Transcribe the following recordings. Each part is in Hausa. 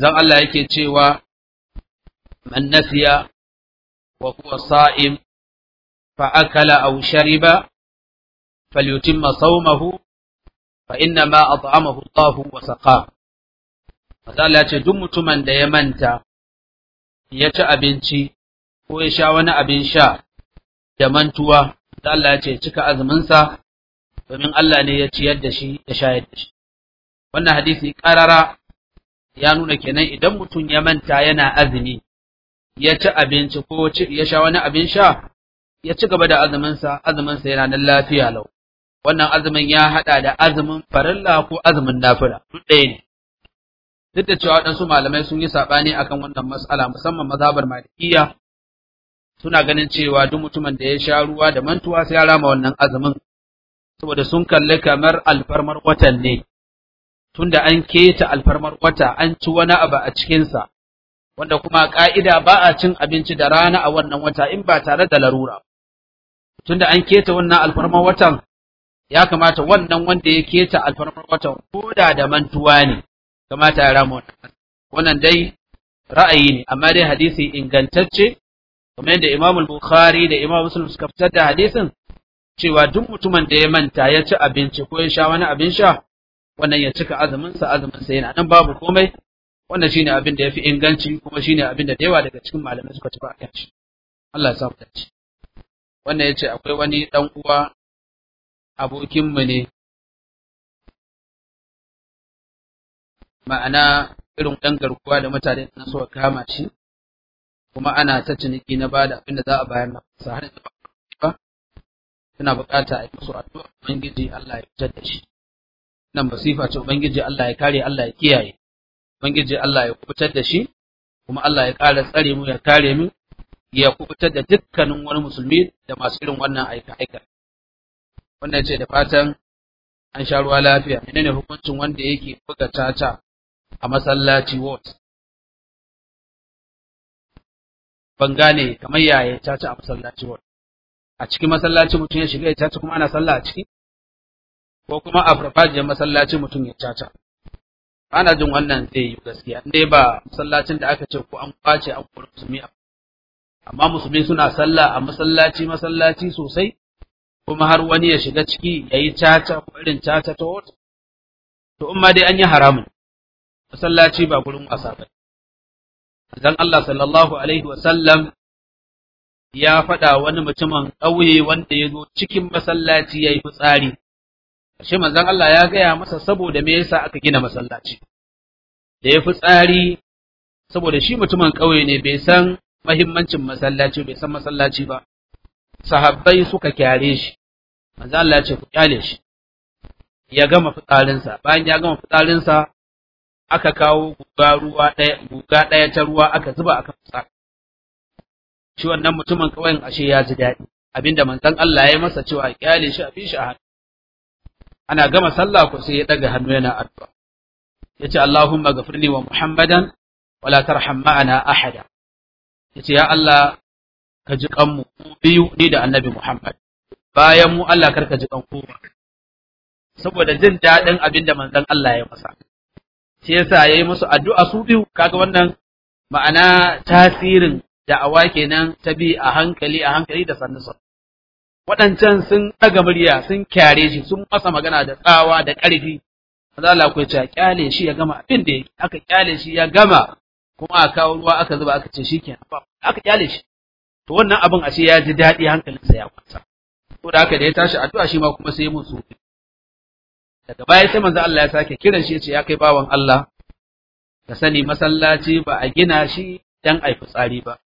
dan Allah yake cewa man nasiya wa huwa sa'im fa akala aw shariba falyutimma sawmahu fa inna ma at'amahu Allah wa saqah Allah ce duk mutumin da ya manta ya ci abinci ko ya sha wani abin sha da mantuwa Allah ce cika azuminsa domin Allah ne ya ciyar da shi ya shayar da shi wannan hadisi karara ya nuna kenan idan mutum ya manta yana azumi ya ci abinci ko ya sha wani abin sha ya ci gaba da azuminsa azuminsa yana nan lafiya lau wannan azumin ya haɗa da azumin farilla ko azumin nafira duk ɗaya ne duk da cewa waɗansu malamai sun yi saɓani akan wannan matsala, musamman mazhabar malikiya suna ganin cewa duk mutumin da ya sha ruwa da mantuwa sai ya rama wannan azumin saboda sun kalli kamar alfarmar watan ne tunda an keta alfarmar wata an ci wani abu a cikinsa wanda kuma ƙa'ida ba a cin abinci da rana a wannan wata in ba tare da larura tunda an keta wannan alfarmar watan ya kamata wannan wanda ya keta alfarmar watan koda da mantuwa ne kamata ya rama wannan dai ra'ayi ne amma dai hadisi ingantacce kamar yadda Imam Bukhari da Imam Muslim suka fitar da hadisin cewa duk mutumin da ya manta ya ci abinci ko ya sha wani abin sha wannan ya cika azumin sa azumin sa yana nan babu komai wannan shine abin da yafi inganci kuma shine abin da yawa daga cikin malamai suka tafi akan shi Allah ya sa mu dace wannan yace akwai wani dan uwa abokin mu ne ma'ana irin dan garkuwa da mutane na so kama shi kuma ana ta ciniki na bada abin da za a bayar na sa har da ba suna bukata a yi musu addu'a ubangiji Allah ya fitar da shi nan masifa ce ubangiji Allah ya kare Allah ya kiyaye ubangiji Allah ya kubutar da shi kuma Allah ya ƙara tsare mu ya kare mu ya kubutar da dukkanin wani musulmi da masu irin wannan aika aika wannan ce da fatan an sha ruwa lafiya menene hukuncin wanda yake buga caca a masallaci ward ban gane kamar yaya caca a masallaci ward a cikin masallaci mutum ya shiga ya caca kuma ana sallah a ciki ko kuma a farfajiyar masallaci mutum ya caca ana jin wannan zai yi gaskiya dai ba masallacin da aka ce ko an kwace an kuma musulmi amma musulmi suna sallah a masallaci masallaci sosai kuma har wani ya shiga ciki ya yi caca ko irin caca ta wata to in ma dai an yi haramun masallaci ba gurin wasa ba dan Allah sallallahu alaihi wa sallam ya faɗa wani mutumin ƙauye wanda ya zo cikin masallaci ya yi fitsari Ashe manzon Allah ya gaya masa saboda me yasa aka gina masallaci. Da ya fi tsari saboda shi mutumin ƙauye ne bai san mahimmancin masallaci bai san masallaci ba. Sahabbai suka kyare shi. Manzon Allah ya ce ku kyale shi. Ya gama fitsarinsa, bayan ya gama fitsarinsa aka kawo guga ruwa ɗaya guga ɗaya ta ruwa aka zuba aka fusa. Shi wannan mutumin ƙauyen ashe ya ji daɗi. Abinda manzon Allah ya yi masa cewa kyale shi a bi shi a hannu. ana gama sallah ko sai ya daga hannu yana addu'a yace Allahumma ghafirli wa Muhammadan wa la tarham ma'ana ahada yace ya Allah ka ji kanmu biyu ni da Annabi Muhammad bayan mu Allah karka ji kan ku saboda jin dadin abinda manzon Allah ya masa shi yasa yayi musu addu'a su biyu kaga wannan ma'ana tasirin da'awa kenan ta bi a hankali a hankali da sannu sannu waɗancan sun ɗaga murya sun kyare shi sun masa magana da tsawa da ƙarfi Allah ku ce kyale shi ya gama abin da yake aka kyale shi ya gama kuma a kawo ruwa aka zuba aka ce shikenan ba aka kyale shi to wannan abin ashe ya ji daɗi hankalinsa ya kwanta to da haka da ya tashi addu'a shi ma kuma sai mun musu daga baya sai manzo Allah ya sake kiran shi ya ce ya kai bawan Allah ka sani masallaci ba a gina shi dan ai fitsari ba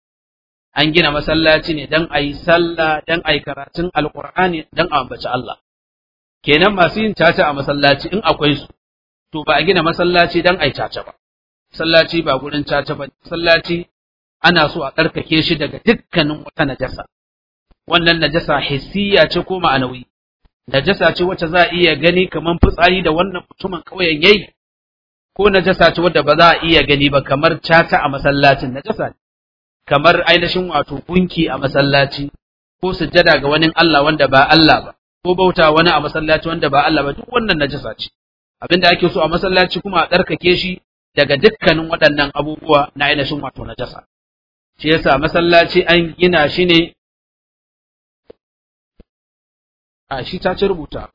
an gina masallaci ne don a yi sallah don a yi karatun alkur'ani don a ambaci Allah kenan masu yin caca a masallaci in akwai su to ba a gina masallaci don a yi caca ba masallaci ba gurin caca ba masallaci ana so a tsarkake shi daga dukkanin wata najasa wannan najasa hissiya ce ko ma'anawi najasa ce wacce za a iya gani kamar fitsari da wannan mutumin ƙauyen yayi ko najasa ce wadda ba za a iya gani ba kamar caca a masallacin najasa ne kamar ainihin wato gunki a masallaci ko sujjada ga wani Allah wanda ba Allah ba ko bauta wani a masallaci wanda ba Allah ba duk wannan najasa ce abinda ake so a masallaci kuma a tsarkake shi daga dukkanin waɗannan abubuwa na ainihin wato najasa shi yasa masallaci an gina shi ne a shi ta ci rubuta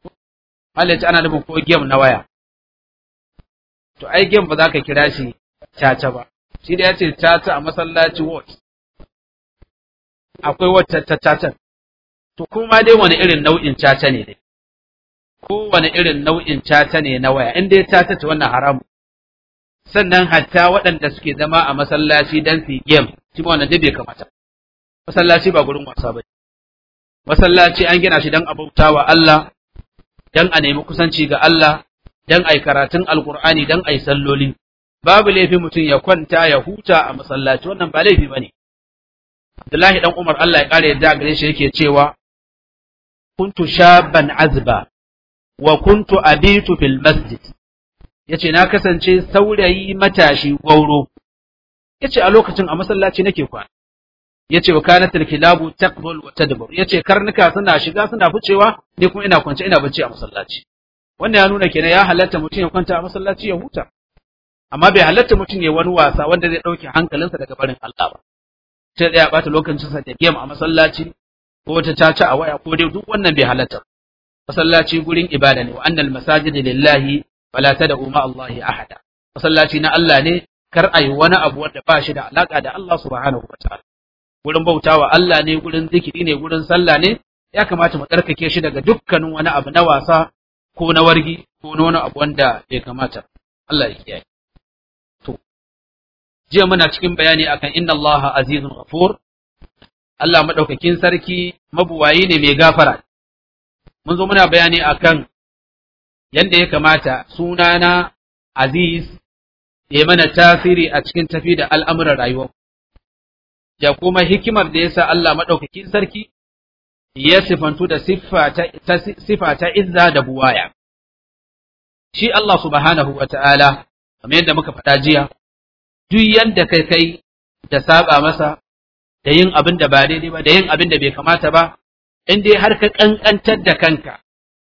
halaci ana nufin ko gem na waya to ai gem ba za ka kira shi caca ba shi da ya ce caca a masallaci ward akwai wata cacan to kuma dai wani irin nau'in caca ne dai kowane irin nau'in caca ne na waya in dai caca ta wannan haramu sannan hatta waɗanda suke zama a masallaci don su game shi ma wannan bai kamata masallaci ba gurin wasa ba masallaci an gina shi don abautawa Allah don a nemi kusanci ga Allah don a yi karatun alkur'ani a yi salloli babu laifi mutum ya kwanta ya huta a masallaci wannan ba laifi bane Abdullahi dan Umar Allah ya kare yadda gare shi yake cewa kuntu shaban azba wa kuntu abitu fil masjid yace na kasance saurayi matashi gauro yace a lokacin a masallaci nake kwana yace wa kanatul kilabu taqbul wa tadbur yace karnuka suna shiga suna ficewa ni kuma ina kwance ina bacci a masallaci wannan ya nuna kenan ya halatta mutum ya kwanta a masallaci ya huta amma bai halatta mutum ya wani wasa wanda zai ɗauke hankalinsa daga barin Allah ba ta tsaya ɓata lokacinsa da game a masallaci ko ta caca a waya ko dai duk wannan bai halatta masallaci gurin ibada ne wa annal masajida lillahi fala da umma Allah ahada masallaci na Allah ne kar yi wani abu wanda ba shi da alaka da Allah subhanahu wataala gurin bautawa Allah ne gurin zikiri ne gurin sallah ne ya kamata mu tsarkake shi daga dukkanin wani abu na wasa ko na wargi ko na wani abu wanda bai kamata Allah ya kiyaye jiya muna cikin bayani akan inna Allah azizun ghafur Allah madaukakin sarki mabuwayi ne mai gafara mun zo muna bayani akan yanda ya kamata sunana aziz ya mana tasiri a cikin tafi da al'amuran rayuwa da kuma hikimar da yasa Allah madaukakin sarki ya sifantu da siffa ta izza da buwaya shi Allah subhanahu wa ta'ala, kamar yadda muka faɗa jiya, duk yanda kai kai da saba masa da yin abin da ba daidai ba da yin abin da bai kamata ba in dai har ka kankantar da kanka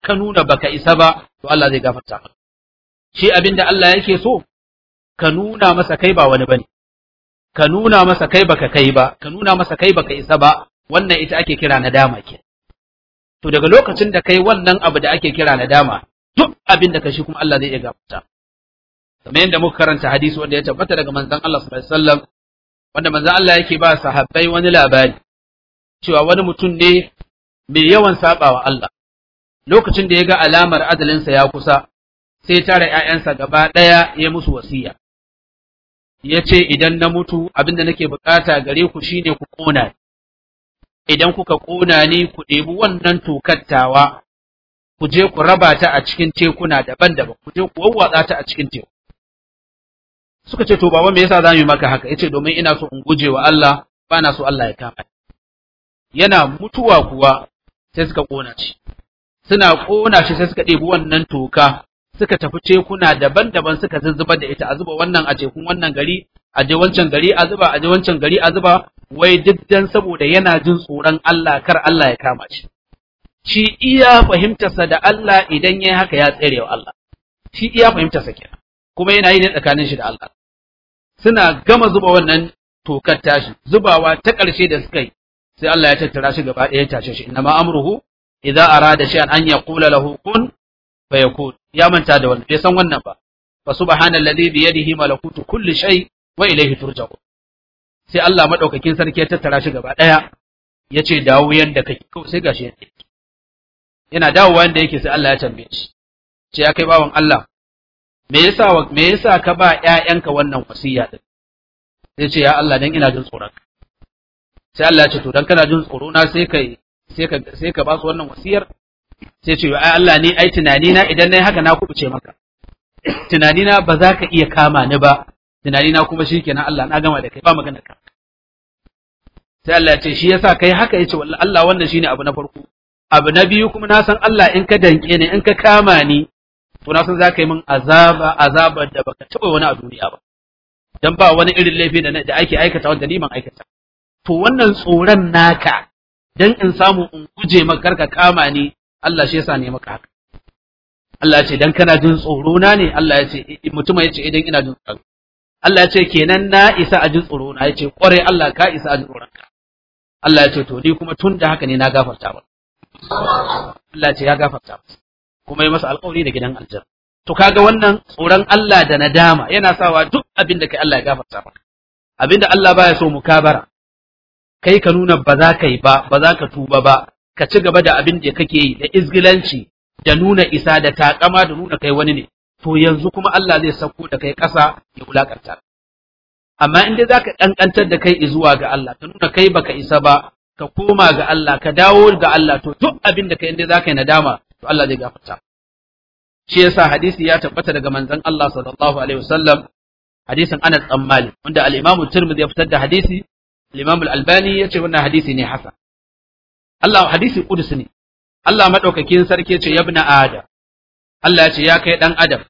ka nuna baka isa ba to Allah zai gafarta maka shi abin da Allah yake so ka nuna masa kai ba wani bane ka nuna masa kai baka kai ba ka nuna masa kai baka isa ba wannan ita ake kira nadama ke to daga lokacin da kai wannan abu da ake kira nadama duk abin da ka shi kuma Allah zai iya gafarta kamar yadda muka karanta hadisi wanda ya tabbata daga manzon Allah sallallahu alaihi wasallam wanda manzon Allah yake ba sahabbai wani labari cewa wani mutum ne mai yawan sabawa Allah lokacin da ya ga alamar sa ya kusa sai tara ‘ya'yansa gaba ɗaya ya musu wasiya, ya ce, Idan na mutu abinda nake bukata gare ku shine ku kona idan kuka kona ni ku ɗebi wannan tokattawa, ku je ku raba ta a cikin tekuna daban-daban, ku je ku wawwatsa ta a cikin teku. suka ce to baba me yasa za mu yi maka haka yace domin ina so in guje wa Allah ba na so Allah ya kama yana mutuwa kuwa sai suka kona shi suna kona shi sai suka ɗebi wannan toka suka tafi tekuna daban-daban suka zuzzuba da ita a zuba wannan a tekun wannan gari a je wancan gari a zuba a je wancan gari a zuba wai duk dan saboda yana jin tsoron Allah kar Allah ya kama shi shi iya fahimtarsa da Allah idan yayi haka ya tsere wa Allah shi iya fahimtarsa kenan kuma yana yi ne tsakanin shi da Allah suna gama zuba wannan tokar tashi zubawa ta ƙarshe da suka yi sai Allah ya tattara shi gaba ɗaya tashe shi inna ma amruhu idza arada shay'an an yaqula lahu kun fayakun ya manta da wannan bai san wannan ba fa subhanalladhi bi yadihi malakutu kulli shay wa ilayhi turja'un sai Allah madaukakin sarki ya tattara shi gaba ɗaya Ya ce dawo yanda kake kawai sai gashi yadda yana dawowa yanda yake sai Allah ya tambaye shi ce ya kai bawan Allah me yasa me yasa ka ba ƴaƴanka wannan wasiya din sai ce ya Allah dan ina jin tsoron ka sai Allah ya ce to dan kana jin tsoro na sai kai sai ka sai ka ba su wannan wasiyar sai ce ai Allah ni ai tunani na idan nayi haka na kubuce maka tunani na ba za ka iya kama ni ba tunani na kuma shikenan Allah na gama da kai ba magana ka sai Allah ya ce shi yasa kai haka yace wallahi Allah wannan shine abu na farko abu na biyu kuma na san Allah in ka danke ni in ka kama ni to na san za ka yi min azaba azaba da baka taɓa wani a duniya ba dan ba wani irin laifi da da ake aikata wanda ni man aikata to wannan tsoron naka dan in samu in guje maka ka kama ni Allah shi yasa ne maka haka Allah ya ce dan kana jin tsoro na ne Allah ya ce eh, mutum ya ce idan eh, ina jin tsoro Allah ya ce kenan na isa a jin tsoro na ya ce kware Allah ka isa a jin tsoron ka Allah ya ce to ni kuma tun da haka ne na gafarta ba Allah ya ce ya gafarta ba. kuma ya masa alƙawari da gidan aljar. to kaga wannan tsoron Allah da nadama yana sawa duk abin da kai Allah ya gafarta maka abin da Allah baya so mukabara kai ka nuna ba za ka yi ba ba za ka tuba ba ka ci gaba da abin da kake yi da izgilanci da nuna isa da takama da nuna kai wani ne to yanzu kuma Allah zai sako da kai ƙasa ya wulakanta amma in dai ka ƙanƙantar da kai izuwa ga Allah ka nuna kai baka isa ba ka koma ga Allah ka dawo ga Allah to duk abin da kai za ka yi nadama to Allah zai gafarta shi yasa hadisi ya tabbata daga manzon Allah sallallahu alaihi wasallam hadisin Anas dan Malik wanda al-Imam Tirmidhi ya fitar da hadisi al-Imam al-Albani yace wannan hadisi ne hasan Allah hadisi Kudus ne Allah madaukakin sarki yace ya ibn Adam Allah ce ya kai dan Adam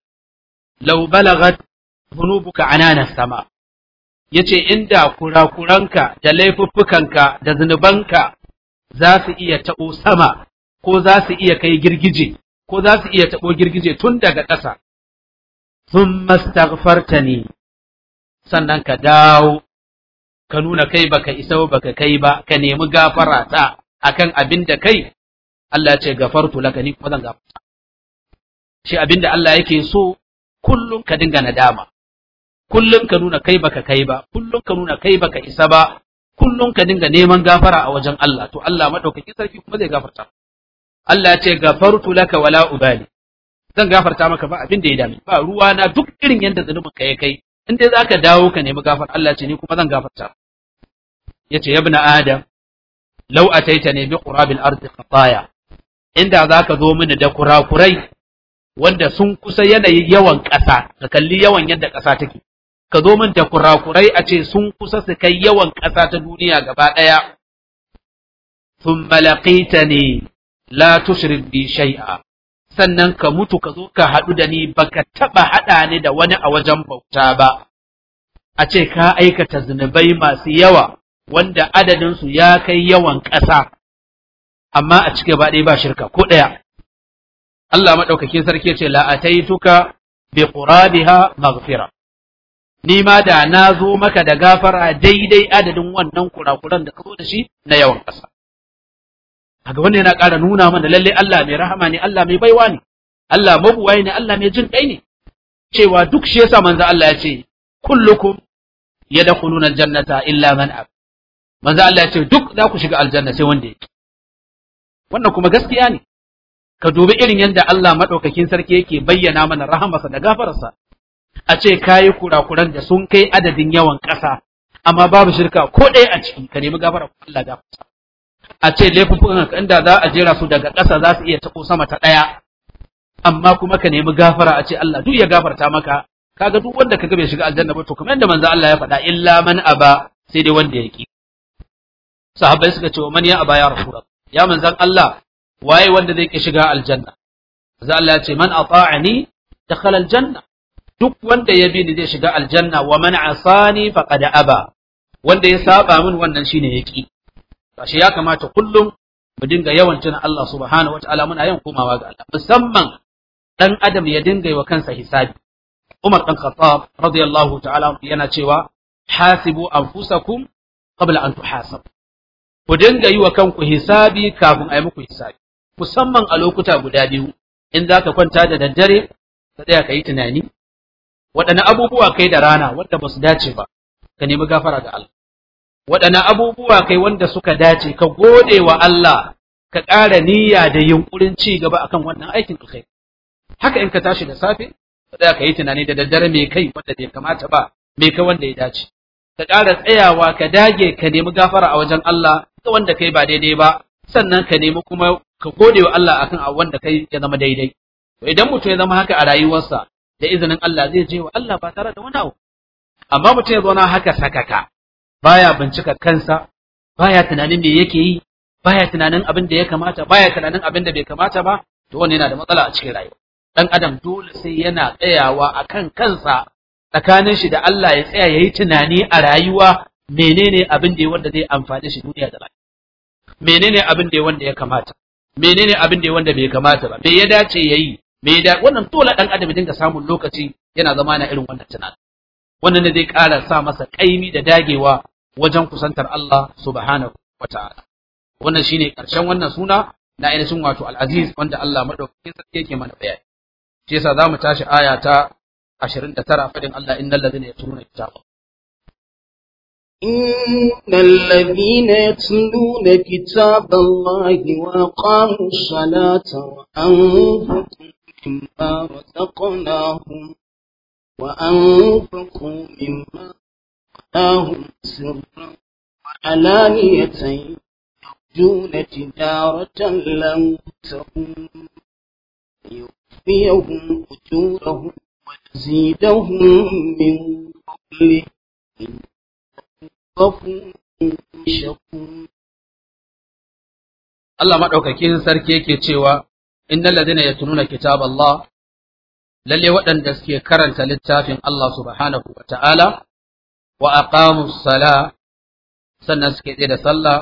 law balagat dhunubuka anana sama yace inda kurakuranka da laifuffukanka da zunubanka za su iya taɓo sama ko za su iya kai girgije ko za su iya taɓo girgije tun daga ƙasa sun ne. sannan ka dawo ka nuna kai baka isa baka kai ba ka nemi gafara ta akan abin da kai Allah ce gafartu laka ni kuma zan gafarta shi abin da Allah yake so kullum ka dinga nadama kullum ka nuna kai baka kai ba kullum ka nuna kai baka isa ba kullum ka dinga neman gafara a wajen Allah to Allah madaukakin sarki kuma zai gafarta Allah ya ce gafartu laka wala ubali zan gafarta maka ba abin da ya dame ba ruwa na duk irin yadda zunubin ka ya kai in dai zaka dawo ka nemi gafar Allah ce ni kuma zan gafarta yace ya ibn adam law ataitani bi qurabil ardi khataya inda zaka zo mini da kurakurai wanda sun kusa yanayi yawan ƙasa ka kalli yawan yadda ƙasa take ka zo min da kurakurai a ce sun kusa su kai yawan ƙasa ta duniya gaba ɗaya thumma ne. la tushrik bi shay'a sannan ka mutu ka zo ka haɗu da ni baka taɓa haɗa ni da wani a wajen bauta ba a ce ka aikata zunubai masu yawa wanda adadin su ya kai yawan ƙasa amma a cike ba ɗaya ba shirka ko ɗaya Allah maɗaukakin sarki ce la ataituka bi qurabiha maghfira ni ma da na zo maka da gafara daidai adadin wannan kurakuran da ka zo da shi na yawan ƙasa kaga wannan yana ƙara nuna mana lalle Allah mai rahama ne Allah mai baiwa ne Allah mabuwai ne Allah mai jin kai ne cewa duk shi yasa manzo Allah ya ce kullukum yadkhuluna aljannata illa man ab manzo Allah ya ce duk za ku shiga aljanna sai wanda yake wannan kuma gaskiya ne ka dubi irin yadda Allah madaukakin sarki yake bayyana mana rahamarsa da gafararsa a ce kayi kurakuran da sun kai adadin yawan ƙasa amma babu shirka ko ɗaya a ciki ka nemi gafarar Allah gafararsa a ce laifuffukan inda za a jera su daga ƙasa za su iya tako sama ta ɗaya amma kuma ka nemi gafara a ce Allah duk ya gafarta maka kaga duk wanda ga bai shiga aljanna ba to kamar yadda manzo Allah ya faɗa illa man aba sai dai wanda ya ki sahabbai suka ce man ya aba ya rasulullah ya manzon Allah waye wanda zai ki shiga aljanna manzo Allah ya ce man ata'ani dakhala aljanna duk wanda ya bi ni zai shiga aljanna wa man asani faqad aba wanda ya saba min wannan shine ki Ashe ya kamata kullum mu dinga yawan tuna Allah subhanahu wa ta'ala muna yawan komawa ga Allah musamman dan adam ya dinga yi wa kansa hisabi Umar dan Khattab radiyallahu ta'ala yana cewa hasibu anfusakum qabla an tuhasab ku dinga yi wa kanku hisabi kafin a yi muku hisabi musamman a lokuta guda biyu in za ka kwanta da daddare ka tsaya ka yi tunani waɗanne abubuwa kai da rana wanda ba su dace ba ka nemi gafara ga Allah Waɗanne abubuwa kai wanda suka dace ka gode wa Allah ka ƙara niyya da yunƙurin ci gaba akan wannan aikin kai haka in ka tashi da safe ka yi tunani da daddare mai kai wanda bai kamata ba mai kai wanda ya dace ka ƙara tsayawa ka dage ka nemi gafara a wajen Allah ga wanda kai ba daidai ba sannan ka nemi kuma ka gode wa Allah akan a wanda kai ya zama daidai to idan mutum ya zama haka a rayuwarsa da izinin Allah zai je wa Allah ba tare da wani abu amma mutum ya zauna haka sakaka baya bincika kansa baya tunanin me yake yi baya tunanin abin da ya kamata baya tunanin abin da bai kamata ba to wannan yana da matsala a cikin rayuwa dan adam dole sai yana tsayawa akan kansa tsakanin shi da Allah ya tsaya yayi tunani a rayuwa menene abin da ya wanda zai amfane shi duniya da lafiya menene abin da ya wanda ya kamata menene abin da ya wanda bai kamata ba me ya dace yayi me da wannan dole dan adam dinga samun lokaci yana zama na irin wannan tunanin wannan ne zai kara sa masa kaimi da dagewa wajen kusantar Allah subhanahu wata'ala wannan shine karshen wannan suna na ainihin wato al-aziz wanda Allah madaukakin sarki yake mana bayani shi yasa zamu tashi aya ta 29 fadin Allah innal ladina yatluna kitaba إن الذين يتلون كتاب الله وأقاموا الصلاة وأنفقوا مما رزقناهم وأنفقوا مما آتاهم سرا وعلانية يرجون تجارة لن تقوم ليوفيهم أجورهم ويزيدهم من فضله إنه غفور شكور Allah maɗaukakin sarki yake cewa innal ladina yatununa kitab Allah lalle waɗanda suke karanta littafin Allah subhanahu wa ta'ala wa aqamu sala sannan suke da sallah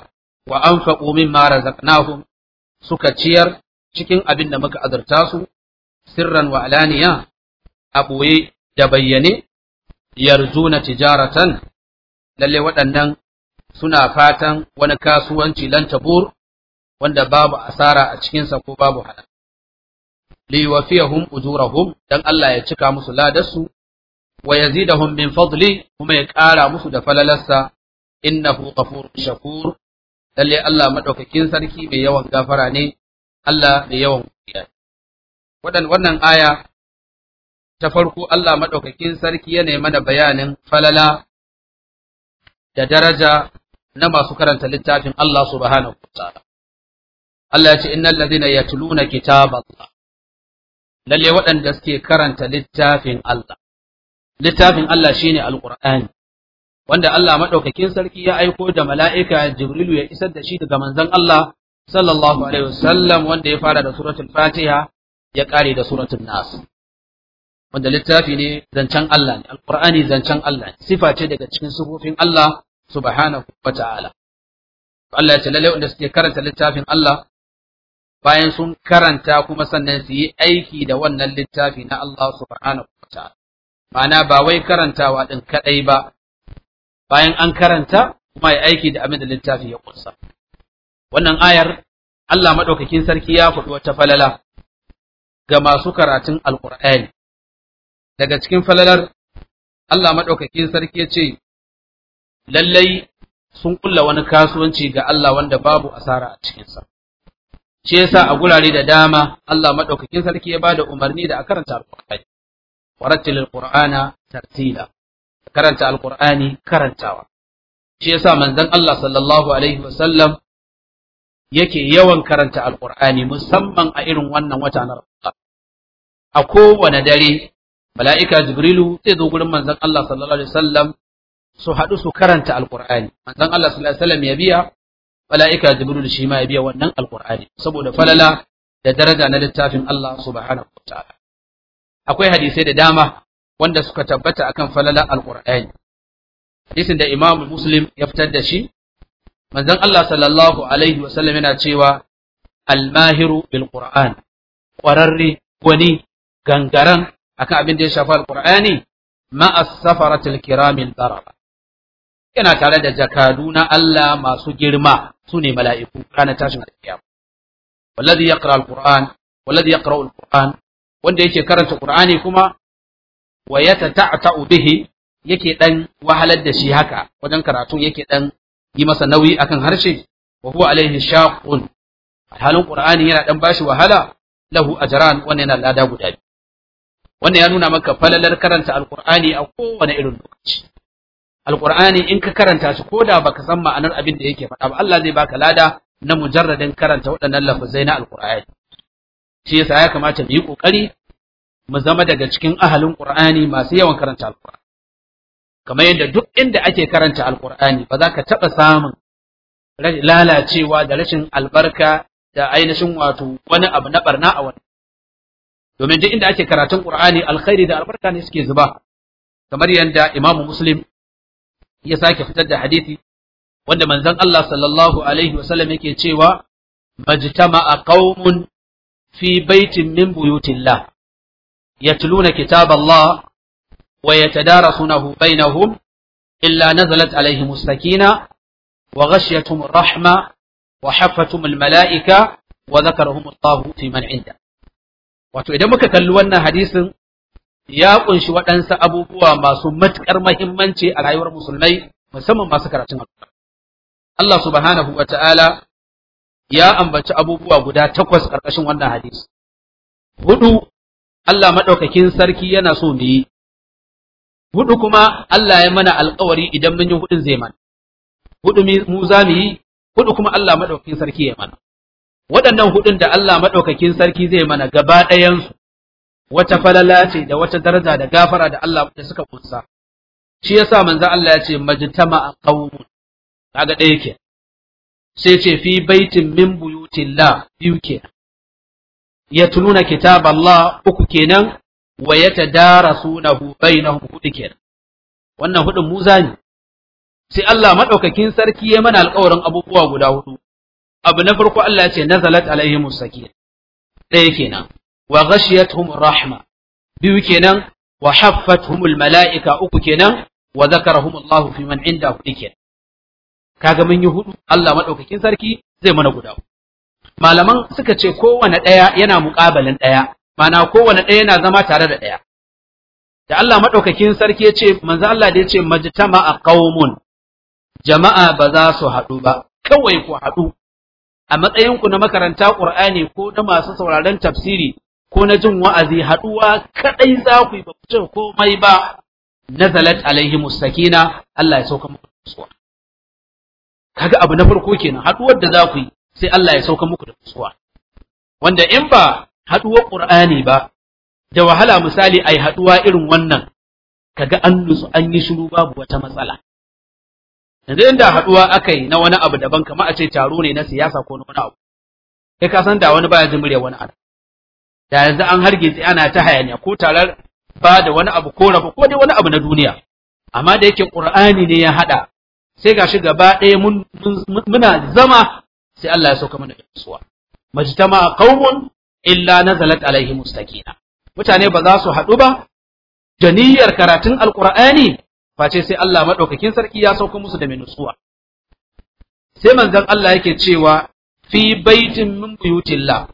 wa anfaqu mimma razaqnahum suka ciyar cikin abin da muka azurta su sirran wa alaniya a da bayyane yarzuna tijaratan lalle waɗannan suna fatan wani kasuwanci lan tabur wanda babu asara a cikinsa ko babu hada liwafiyahum ujurahum dan Allah ya cika musu ladarsu wa yazidahum min fadli kuma ya ƙara musu da falalarsa innahu ghafurun shakur lalle Allah madaukakin sarki mai yawan gafara ne Allah mai yawan godiya wadan wannan aya ta farko Allah madaukakin sarki ya nemi mana bayanin falala da daraja na masu karanta littafin Allah subhanahu wa ta'ala Allah ya ce innal ladhina yatluna kitaballah lalle waɗanda suke karanta littafin Allah littafin Allah shine alqur'ani wanda Allah madaukakin sarki ya aiko da mala'ika Jibrilu ya isar da shi daga manzon Allah sallallahu alaihi wasallam wanda ya fara da suratul Fatiha ya kare da suratul Nas wanda littafi ne zancen Allah ne alqur'ani zancen Allah ne sifa ce daga cikin sifofin Allah subhanahu wa ta'ala Allah ya ce lalle wanda suke karanta littafin Allah bayan sun karanta kuma sannan su yi aiki da wannan littafi na Allah subhanahu wa ta'ala ma'ana ba wai karantawa ɗin kaɗai ba bayan an karanta kuma ya aiki da abin da littafi ya kunsa wannan ayar Allah maɗaukakin sarki ya faɗi wata falala ga masu karatun alƙur'ani daga cikin falalar Allah maɗaukakin sarki ya ce lallai sun kulla wani kasuwanci ga Allah wanda babu asara a cikinsa shi yasa a gurare da dama Allah maɗaukakin sarki ya bada umarni da a karanta alƙur'ani warattil alqur'ana tartila karanta alqur'ani karantawa shi yasa manzon Allah sallallahu alaihi wasallam yake yawan karanta alqur'ani musamman a irin wannan wata na Ramadan a kowane dare mala'ika jibrilu zai zo gurin manzon Allah sallallahu alaihi wasallam su haɗu su karanta alqur'ani manzon Allah sallallahu alaihi wasallam ya biya mala'ika jibrilu shi ma ya biya wannan alqur'ani saboda falala da daraja na littafin Allah subhanahu wataala akwai hadisai da dama wanda suka tabbata akan falalan alqur'ani hadisin da imam muslim ya fitar da shi manzon Allah sallallahu alaihi wasallam yana cewa almahiru bil qur'an kwararre gwani gangaran akan abin da ya shafi alqur'ani ma as-safaratil kiramil barara yana tare da jakadu na Allah masu girma sune mala'iku kana tashin alkiyama wallazi yaqra alquran wallazi yaqra alquran wanda yake karanta ƙur'ani kuma wa yatata'u bihi yake dan wahalar da shi haka wajen karatu yake dan yi masa nauyi akan harshe wa huwa alaihi shaqun halin Qur'ani yana dan bashi wahala lahu ajran wannan yana lada guda biyu wannan ya nuna maka falalar karanta alqur'ani a kowane irin lokaci alqur'ani in ka karanta shi koda baka san ma'anar abin da yake faɗa ba Allah zai baka lada na mujarradin karanta waɗannan lafazai na alqur'ani shi yasa ya kamata mu yi ƙoƙari mu zama daga cikin ahalin ƙur'ani masu yawan karanta Alƙur'ani. kamar yadda duk inda ake karanta Alƙur'ani ba za ka taɓa samun lalacewa da rashin albarka da ainihin wato wani abu na barna a wani domin duk inda ake karatun ƙur'ani alkhairi da albarka ne suke zuba kamar yadda imamu Muslim ya sake fitar da hadisi wanda manzon Allah sallallahu alaihi wasallam yake cewa majtama'a qaumun fi baitin min buyutillah yatluna kitaballah wa yatadarasunahu bainahum illa nazalat alaihim as-sakina wa ghashiyatuhum ar-rahma wa haffatuhum al-mala'ika wa dhakarahum Allah fi man 'inda wato idan muka kalli wannan hadisin ya kunshi waɗansu abubuwa masu matuƙar muhimmanci a rayuwar musulmai musamman masu karatun Allah subhanahu wa ta'ala ya ambaci abubuwa guda takwas ƙarƙashin wannan hadisi. Hudu, Allah maɗaukakin sarki yana so mu yi. Hudu kuma Allah ya mana alƙawari idan mun yi hudun zai mana. Hudu mu za mu yi, hudu kuma Allah maɗaukakin sarki ya mana. Waɗannan hudun da Allah maɗaukakin sarki zai mana gaba ɗayansu, wata falala ce da wata daraja da gafara da Allah da suka kunsa. Shi ya sa manzan Allah ya ce majtama qaumun kaga ɗaya ke sai ce fi baitin min buyutillah biyu kenan yatluna kitab Allah uku kenan wa yatadarasunahu na hudu kenan wannan hudun muza ne sai Allah Maɗaukakin sarki ya mana alƙawarin abubuwa guda hudu abu na farko Allah ya ce nazalat alaihimus sakinah ɗaya kenan wa ghashiyatuhum rahma biyu kenan wa haffathum mala'ika uku kenan wa zakarahum Allah fi man inda hudu kenan kaga mun yi hudu Allah madaukakin sarki zai mana guda malaman suka ce kowane ɗaya yana muƙabalin ɗaya mana kowane ɗaya yana zama tare da ɗaya da Allah madaukakin sarki ya ce manzo Allah da ya ce majtama'a qaumun jama'a ba za su haɗu ba kawai ku haɗu a matsayinku na makaranta Qur'ani ko na masu sauraron tafsiri ko na jin wa'azi haɗuwa kaɗai za ku yi ba ku ce komai ba nazalat alaihi musakina Allah ya sauka muku suwa kaga abu na farko kenan haduwar da za ku yi sai Allah ya sauka muku da kusuwa wanda in ba haduwar Qur'ani ba da wahala misali ai haduwa irin wannan kaga an nusu an yi shiru babu wata matsala yanzu inda haduwa akai na wani abu daban kamar a ce taro ne na siyasa ko na wani abu kai ka san da wani baya jin murya wani abu da yanzu an harge sai ana ta hayaniya ko tarar ba da wani abu ko rafa ko dai wani abu na duniya amma da yake Qur'ani ne ya hada sai gashi gaba ɗaya muna zama sai Allah ya sauka mana da nutsuwa majtama qaumun illa nazalat alaihim mustakina mutane ba za su haɗu ba da niyyar karatun alqur'ani face sai Allah maɗaukakin sarki ya sauka musu da nutsuwa sai manzon Allah yake cewa fi baitin min buyutillah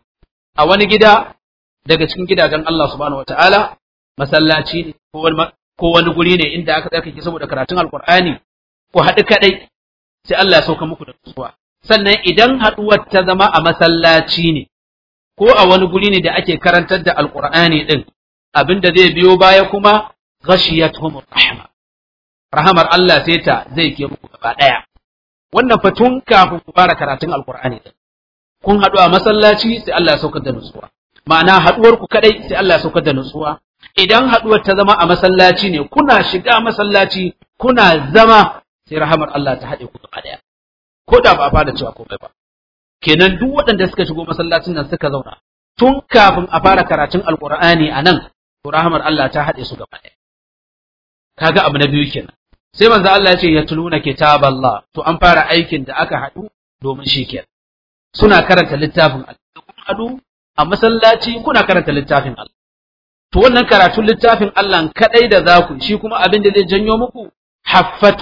a wani gida daga cikin gidajen Allah subhanahu wataala masallaci ne ko wani guri ne inda aka tsarkake saboda karatun alqur'ani ku haɗu kaɗai sai Allah ya sauka muku da nutsuwa sannan idan haɗuwar ta zama a masallaci ne ko a wani guri ne da ake karantar da alƙur'ani ɗin abin da zai biyo baya kuma ghashiyatuhum rahama. rahamar Allah sai ta zai ke muku gaba ɗaya wannan fa tun kafin ku fara karatun alƙur'ani ɗin kun haɗu a masallaci sai Allah ya saukar da nutsuwa ma'ana haɗuwar ku kaɗai sai Allah ya saukar da nutsuwa idan haɗuwar ta zama a masallaci ne kuna shiga masallaci kuna zama sai rahamar Allah ta haɗe ku gaba ɗaya ko da ba a fara cewa komai ba kenan duk waɗanda suka shigo masallacin nan suka zauna tun kafin a fara karatun alƙur'ani a nan to rahamar Allah ta haɗe su gaba ɗaya kaga abu na biyu kenan sai manzo Allah ya ce yatluna kitaballah to an fara aikin da aka haɗu domin shi kenan suna karanta littafin Allah kun haɗu a masallaci kuna karanta littafin Allah to wannan karatun littafin Allah kadai da za ku shi kuma abin da zai janyo muku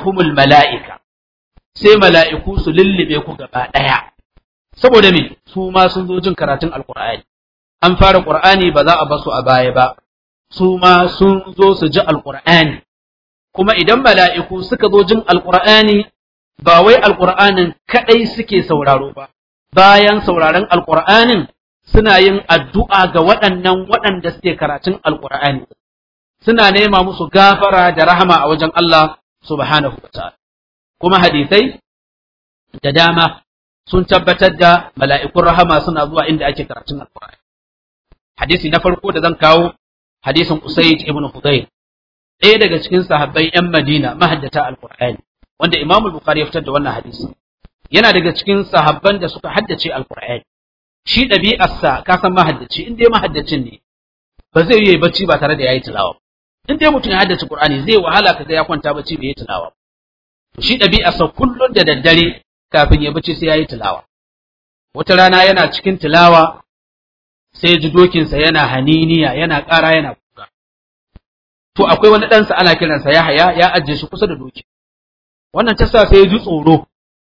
humul mala'ika sai mala'iku su lullube ku gaba ɗaya saboda me su sun zo jin karatun alqur'ani an fara ƙur'ani ba za a basu a baya ba su sun zo su ji alqur'ani kuma idan mala'iku suka zo jin Alƙur'ani, ba wai Alƙur'anin kaɗai suke sauraro ba bayan sauraron Alƙur'anin suna yin addu'a ga waɗannan waɗanda suke karatun Alƙur'ani. suna nema musu gafara da rahama a wajen Allah subhanahu wa ta'ala kuma hadisai da dama sun tabbatar da mala'ikun rahama suna zuwa inda ake karatun alqur'ani hadisi na farko da zan kawo hadisin usayd ibn hudayr ɗaya daga cikin sahabbai yan madina mahaddata alqur'ani wanda imam bukhari ya fitar da wannan hadisi yana daga cikin sahabban da suka haddace alqur'ani shi ɗabi'arsa ka san mahaddaci in dai mahaddacin ne ba zai yi bacci ba tare da yayi tilawa in dai mutum ya haddace Qur'ani zai wahala kaga ya kwanta bacci bai yi tilawa shi ɗabi'a sa kullun da daddare kafin ya bacci sai ya yi tilawa wata rana yana cikin tilawa sai ji dokinsa yana haniniya yana ƙara yana kuka to akwai wani ɗansa ana kiransa ya haya ya ajiye shi kusa da doki wannan ta sa sai ya ji tsoro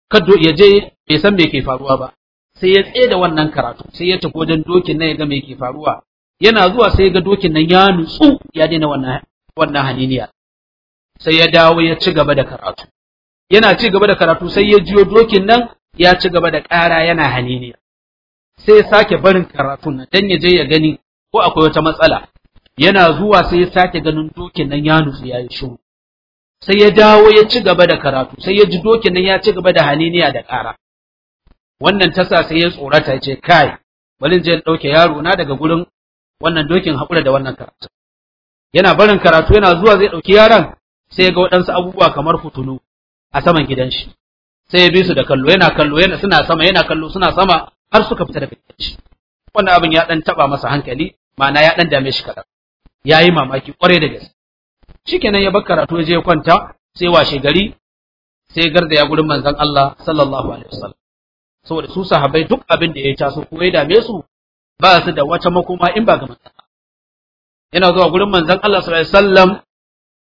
kaddo ya je bai san me ke faruwa ba sai ya tsaye da wannan karatu sai ya tafi wajen dokin nan ya ga me ke faruwa yana zuwa sai ga dokin nan ya nutsu ya daina wannan wannan haniniya sai ya dawo ya ci gaba da karatu yana ci gaba da karatu sai ya jiyo dokin nan ya ci gaba da ƙara yana haniniya sai ya sake barin karatun nan dan ya je ya gani ko akwai wata matsala yana zuwa sai ya sake ganin dokin nan ya nutsu ya yi shiru sai ya dawo ya ci gaba da karatu sai ya ji dokin nan ya ci gaba da haniniya da ƙara wannan tasa sai ya tsorata ya ce kai bari je ɗauke yaro na daga gurin wannan dokin haƙura da wannan karatu yana barin karatu yana zuwa zai ɗauki yaran sai ya ga waɗansu abubuwa kamar fitulu a saman gidan shi sai ya bi su da kallo yana kallo yana suna sama yana kallo suna sama har suka fita daga gidan shi wannan abin ya ɗan taɓa masa hankali ma'ana ya ɗan dame shi kaɗan ya yi mamaki ƙwarai da gaske shikenan ya bar karatu ya je kwanta sai washe gari sai ya gurin manzon Allah sallallahu alaihi wasallam saboda su sahabai duk abin da ya taso ko ya dame su ba su da wata makoma in ba ga manzon yana zuwa gurin manzon Allah sallallahu alaihi wasallam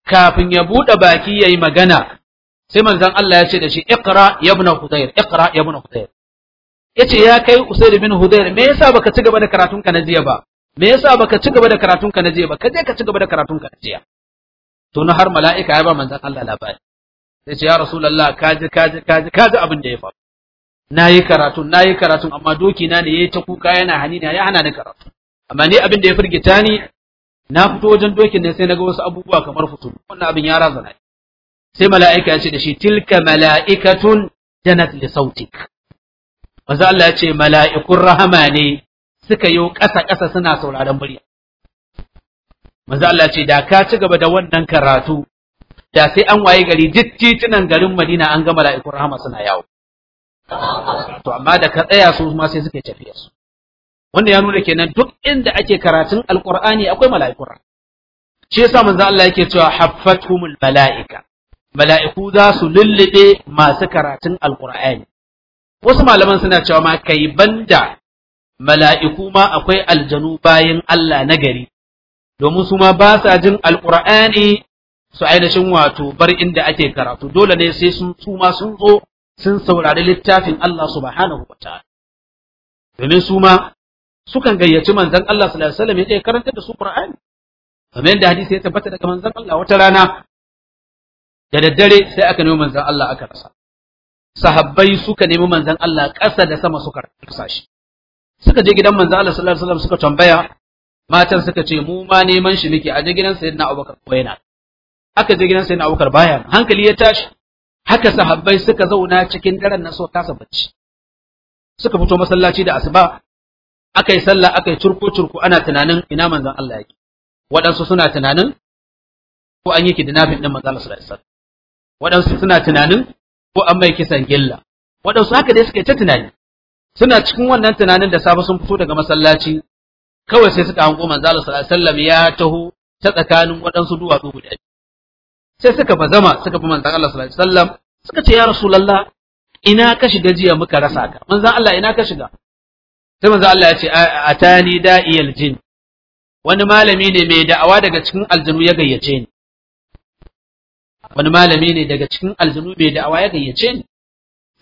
kafin ya bude baki yayi magana sai manzon Allah ya ce da shi iqra ya ibn hudayr iqra ya ibn hudayr yace ya kai usayd bin hudayr me yasa baka ci gaba da karatun ka na jiya ba me yasa baka ci gaba da karatun ka na jiya ba ka je ka ci gaba da karatun ka na jiya to na har mala'ika ya ba manzon Allah labari sai ce ya rasulullah kaji kaji kaji kaji abin da ya faru na yi karatu na yi karatu amma doki na ne yayi ta kuka yana hani na ya hana ni karatu amma ni abin da ya firgita ni na fito wajen dokin ne sai na ga wasu abubuwa kamar fitu wannan abin ya razana sai mala'ika ya ce da shi tilka mala'ikatun janat li sautik manzo Allah ya ce mala'ikun rahama ne suka yi kasa-kasa suna sauraron murya manzo Allah ya ce da ka ci gaba da wannan karatu da sai an waye gari duk titunan garin Madina an ga mala'ikun rahama suna yawo to amma da ka tsaya su ma sai suka tafiya su wanda ya nuna kenan duk inda ake karatun alqur'ani akwai mala'ikun shi yasa manzo Allah yake cewa haffathumul mala'ika mala'iku za su lullube masu karatun alqur'ani wasu malaman suna cewa ma kai banda mala'iku ma akwai aljanu bayin Allah na gari domin su ma ba sa jin alqur'ani su ainihin wato bar inda ake karatu dole ne sai sun su ma sun zo sun saurari littafin Allah subhanahu wa ta'ala domin su ma sukan gayyaci manzon Allah sallallahu alaihi wasallam ya karanta da su Qur'ani kamar yadda hadisi ya tabbata daga manzon Allah wata rana da daddare sai aka nemi manzon Allah aka rasa sahabbai suka nemi manzon Allah ƙasa da sama suka rasa shi suka je gidan manzon Allah sallallahu alaihi wasallam suka tambaya matan suka ce mu ma neman shi muke a je gidan sayyidina Abubakar ko yana aka je gidan sayyidina Abubakar baya hankali ya tashi haka sahabbai suka zauna cikin daren na so kasa bacci suka fito masallaci da asuba aka yi sallah aka yi turko turko ana tunanin ina manzon Allah yake waɗansu suna tunanin ko an yi kidnapping din manzon Allah sallallahu waɗansu suna tunanin ko an mai kisan gilla waɗansu haka dai suka yi ta tunani suna cikin wannan tunanin da safe sun fito daga masallaci kawai sai suka hango manzon Allah sallallahu alaihi wasallam ya taho ta tsakanin waɗansu duwatsu guda sai suka zama suka fi manta, Allah sallallahu alaihi wasallam suka ce ya rasulullah ina ka shiga jiya muka rasa ka manzon Allah ina ka shiga sai manzon Allah ya ce atani da'iyal jin wani malami ne mai da'awa daga cikin aljinu ya gayyace ni wani malami ne daga cikin aljinu mai da'awa ya gayyace ni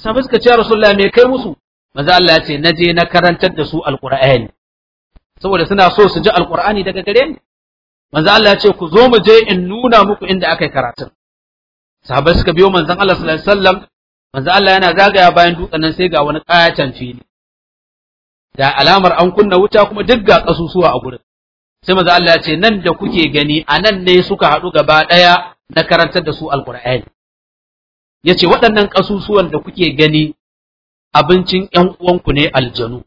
sabu suka ce rasulullah me kai musu manzo Allah ya ce na je na karantar da su alqur'ani saboda suna so su ji alqur'ani daga gare ni manzo Allah ya ce ku zo mu je in nuna muku inda aka yi karatun sahabbai suka biyo manzon Allah sallallahu alaihi wasallam manzo Allah yana zagaya bayan dutsen nan sai ga wani kayatan fili da alamar an kunna wuta kuma duk ga kasusuwa a gurin sai manzo Allah ya ce nan da kuke gani a nan ne suka haɗu gaba ɗaya na karantar da su alqur'ani yace waɗannan kasusuwan da kuke gani abincin ƴan uwanku ne aljanu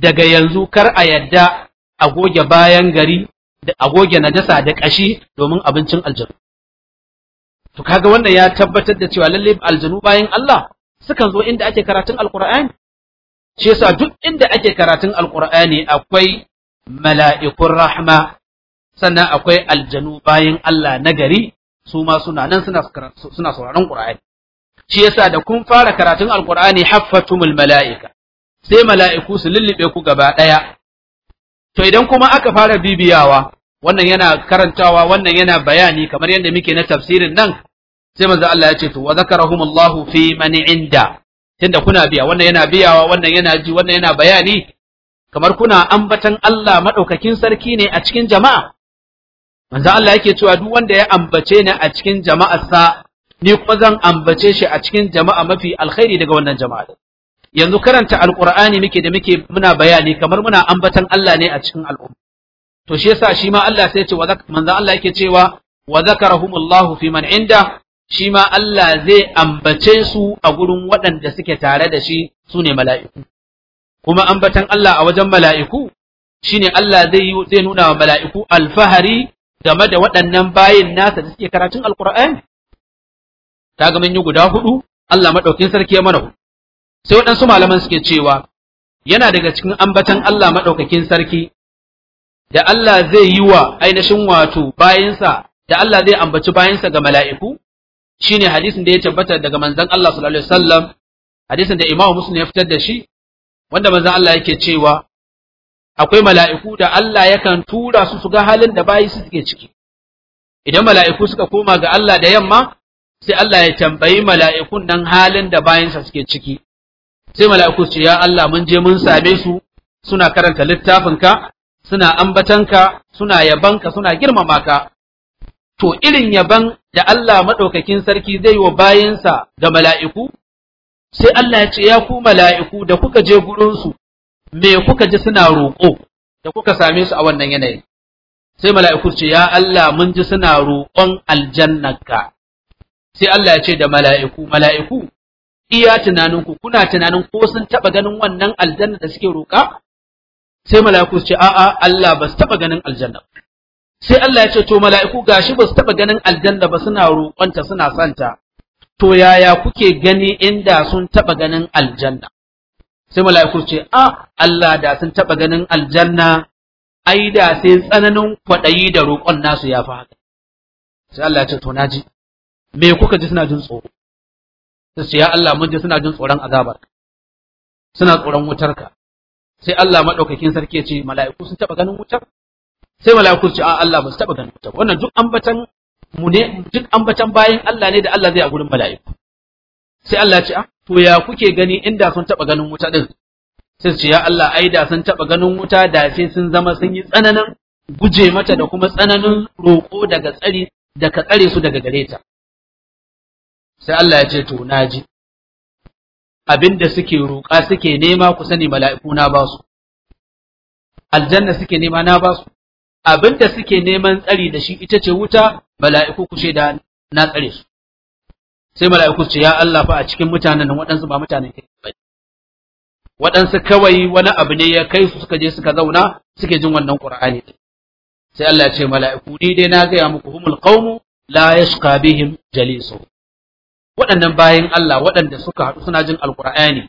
daga yanzu kar a yadda a goge bayan gari a goge najasa da kashi domin abincin aljanu to kaga wannan ya tabbatar da cewa lalle aljanu bayan Allah sukan zo inda ake karatun alqur'ani shi yasa duk inda ake karatun alqur'ani akwai mala'ikun rahma sannan akwai aljanu bayan Allah na gari su ma suna nan suna suna sauraron qur'ani shi yasa da kun fara karatun alqur'ani haffatumul mala'ika sai mala'iku su lullube ku gaba ɗaya. to idan kuma aka fara bibiyawa wannan yana karantawa wannan yana bayani kamar yadda muke na tafsirin nan sai manzo Allah ya ce to wa zakarahumullahu fi mani inda tunda kuna biya wannan yana biyawa wannan yana ji wannan yana bayani kamar kuna ambatan Allah madaukakin sarki ne a cikin jama'a manzo Allah yake cewa duk wanda ya ambace ni a cikin jama'arsa ni kuma zan ambace shi a cikin jama'a mafi alkhairi daga wannan jama'a yanzu karanta alkur'ani muke da muke muna bayani kamar muna ambatan Allah ne a cikin al'umma to shi yasa shi ma Allah sai ya ce manzo Allah yake cewa wa zakarahumullahu fi man inda shi ma Allah zai ambace su a gurin waɗanda suke tare da shi su ne mala'iku kuma ambatan Allah a wajen mala'iku shine Allah zai zai nuna wa mala'iku alfahari game da waɗannan bayin nasa da suke karatun Ta kaga mun yi guda hudu Allah madaukin sarki ya mana sai waɗansu malaman suke cewa yana daga cikin ambatan Allah maɗaukakin sarki da Allah zai yi wa ainihin wato bayansa da Allah zai ambaci bayansa ga mala'iku shine hadisin da ya tabbata daga manzan Allah sallallahu alaihi wasallam hadisin da Imam Muslim ya fitar da shi wanda manzan Allah yake cewa akwai mala'iku da Allah yakan tura su su ga halin da bayi suke ciki idan mala'iku suka koma ga Allah da yamma sai Allah ya tambayi mala'ikun nan halin da bayansa suke ciki sai mala'iku su ce ya Allah mun je mun same su suna karanta littafinka suna ambatanka suna ka, suna girmama ka to irin yaban da Allah maɗaukakin sarki zai wa bayansa ga mala'iku sai Allah ya ce ya ku mala'iku da kuka je gurinsu me kuka ji suna roƙo da kuka same su a wannan yanayi sai mala'iku ce ya Allah mun ji suna roƙon aljannarka sai Allah ya ce da mala'iku mala'iku iya tunaninku kuna tunanin ko sun taba ganin wannan aljanna da suke roƙa sai mala'iku su ce a'a Allah ba su taba ganin aljanna sai Allah ya ce to mala'iku gashi ba su taba ganin aljanna ba suna roƙonta suna santa to yaya kuke gani inda sun taba ganin aljanna sai mala'iku su ce a ah, Allah da sun taba ganin aljanna ai da sai tsananin kwaɗayi da roƙon nasu ya fi haka sai Allah ya ce to naji me kuka ji suna jin tsoro sai su ya Allah mun ji suna jin tsoron azabar suna tsoron wutar ka sai Allah madaukakin sarki ya ce mala'iku sun taba ganin wutar sai mala'iku su ce a Allah ba su taba ganin wutar wannan duk ambatan mu ne duk ambatan bayan Allah ne da Allah zai a gurin mala'iku sai Allah ya ce a ah, to ya kuke gani inda sun taba ganin wuta din sai su ce ya Allah ai da sun taba ganin wuta da sai sun zama sun yi tsananin guje mata da kuma tsananin roƙo daga tsari daga tsare su daga gare ta sai Allah ya ce to naji abinda suke roƙa suke nema ku sani mala'iku na ba su aljanna suke nema na ba su abinda suke neman tsari da shi ita ce wuta mala'iku ku da na tsare su sai mala'iku ce ya Allah fa a cikin mutanen nan waɗansu ba mutanen kai ba waɗansu kawai wani abu ne ya kai su suka je suka zauna suke jin wannan Qur'ani sai Allah ya ce mala'iku ni dai na gaya muku humul qawmu la yashqa bihim jalisu waɗannan bayan Allah waɗanda suka haɗu suna jin alkur'ani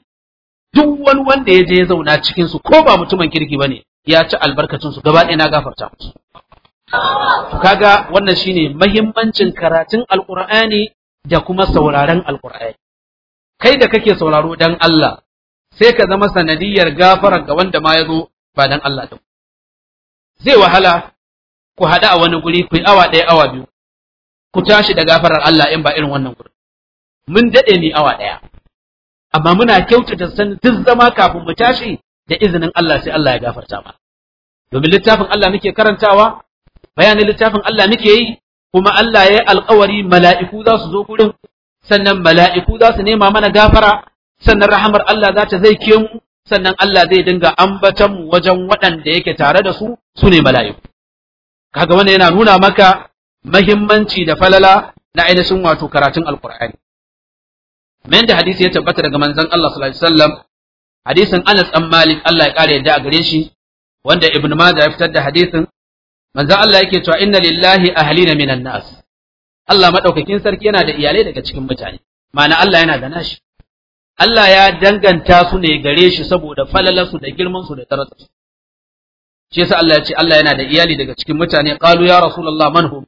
duk wani wanda ya je ya zauna cikin su ko ba mutumin kirki ba ne, ya ci albarkacin su gaba ɗaya na gafarta musu kaga wannan shine mahimmancin karatun alkur'ani da kuma sauraren alkur'ani kai da kake sauraro dan Allah sai ka zama sanadiyar gafara ga wanda ma ya zo ba dan Allah ɗin zai wahala ku haɗu a wani guri ku yi awa ɗaya awa biyu ku tashi da gafarar Allah in ba irin wannan guri mun daɗe ne awa ɗaya amma muna kyautata san duk zama kafin mu tashi da izinin Allah sai Allah ya gafarta ma domin littafin Allah nake karantawa bayanin littafin Allah nake yi kuma Allah ya yi alkawari mala'iku za su zo gurin sannan mala'iku za su nema mana gafara sannan rahamar Allah za ta zai ke mu sannan Allah zai dinga ambatan mu wajen waɗanda yake tare da su su ne mala'iku kaga wannan yana nuna maka muhimmanci da falala na ainihin wato karatun alkur'ani men da hadisi ya tabbata daga manzon Allah sallallahu alaihi wasallam hadisin Anas an Malik Allah ya kare yadda a gare shi wanda Ibn Majah ya fitar da hadisin manzon Allah yake cewa inna lillahi ahlina minan nas Allah madaukakin sarki yana da iyalai daga cikin mutane ma'ana Allah yana da nashi Allah ya danganta su ne gare shi saboda falalarsu da girman su da darajarsu shi Allah ya ce Allah yana da iyali daga cikin mutane qalu ya rasulullah man hum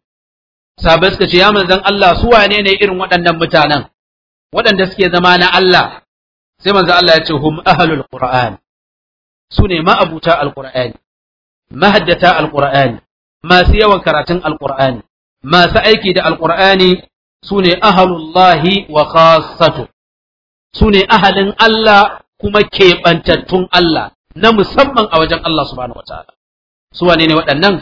sahabbai suka ce ya manzon Allah su wane ne irin waɗannan mutanen waɗanda suke zama na Allah sai manzo Allah ya ce hum ahlul qur'an su ne ma'abuta alqur'ani mahaddata alqur'ani masu yawan karatun alqur'ani masu aiki da alqur'ani su ne ahlullahi wa khassatu su ne ahalin Allah kuma keɓantattun Allah na musamman a wajen Allah subhanahu wataala su wane ne waɗannan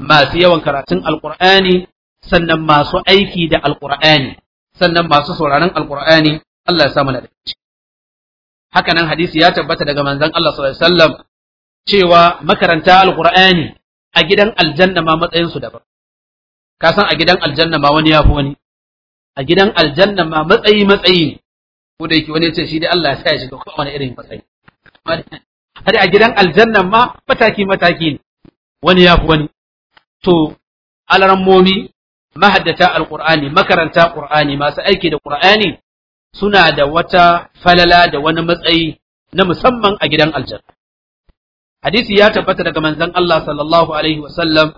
masu yawan karatun alqur'ani sannan masu aiki da alqur'ani sannan masu sauraron alqur'ani Allah ya samu na da haka nan hadisi ya tabbata daga manzon Allah sallallahu alaihi wasallam cewa makaranta alqur'ani a gidan aljanna ma matsayin su daban ka san a gidan aljanna ma wani ya fi wani a gidan aljanna ma matsayi matsayi ko da yake wani ya ce shi dai Allah ya sa ya shiga ko wani irin matsayi har a gidan aljanna ma mataki mataki ne wani ya fi wani to alaran mahaddata alqur'ani makaranta qur'ani masu aiki da qur'ani suna da wata falala da wani matsayi na musamman a gidan aljanna hadisi ya tabbata daga manzon Allah sallallahu alaihi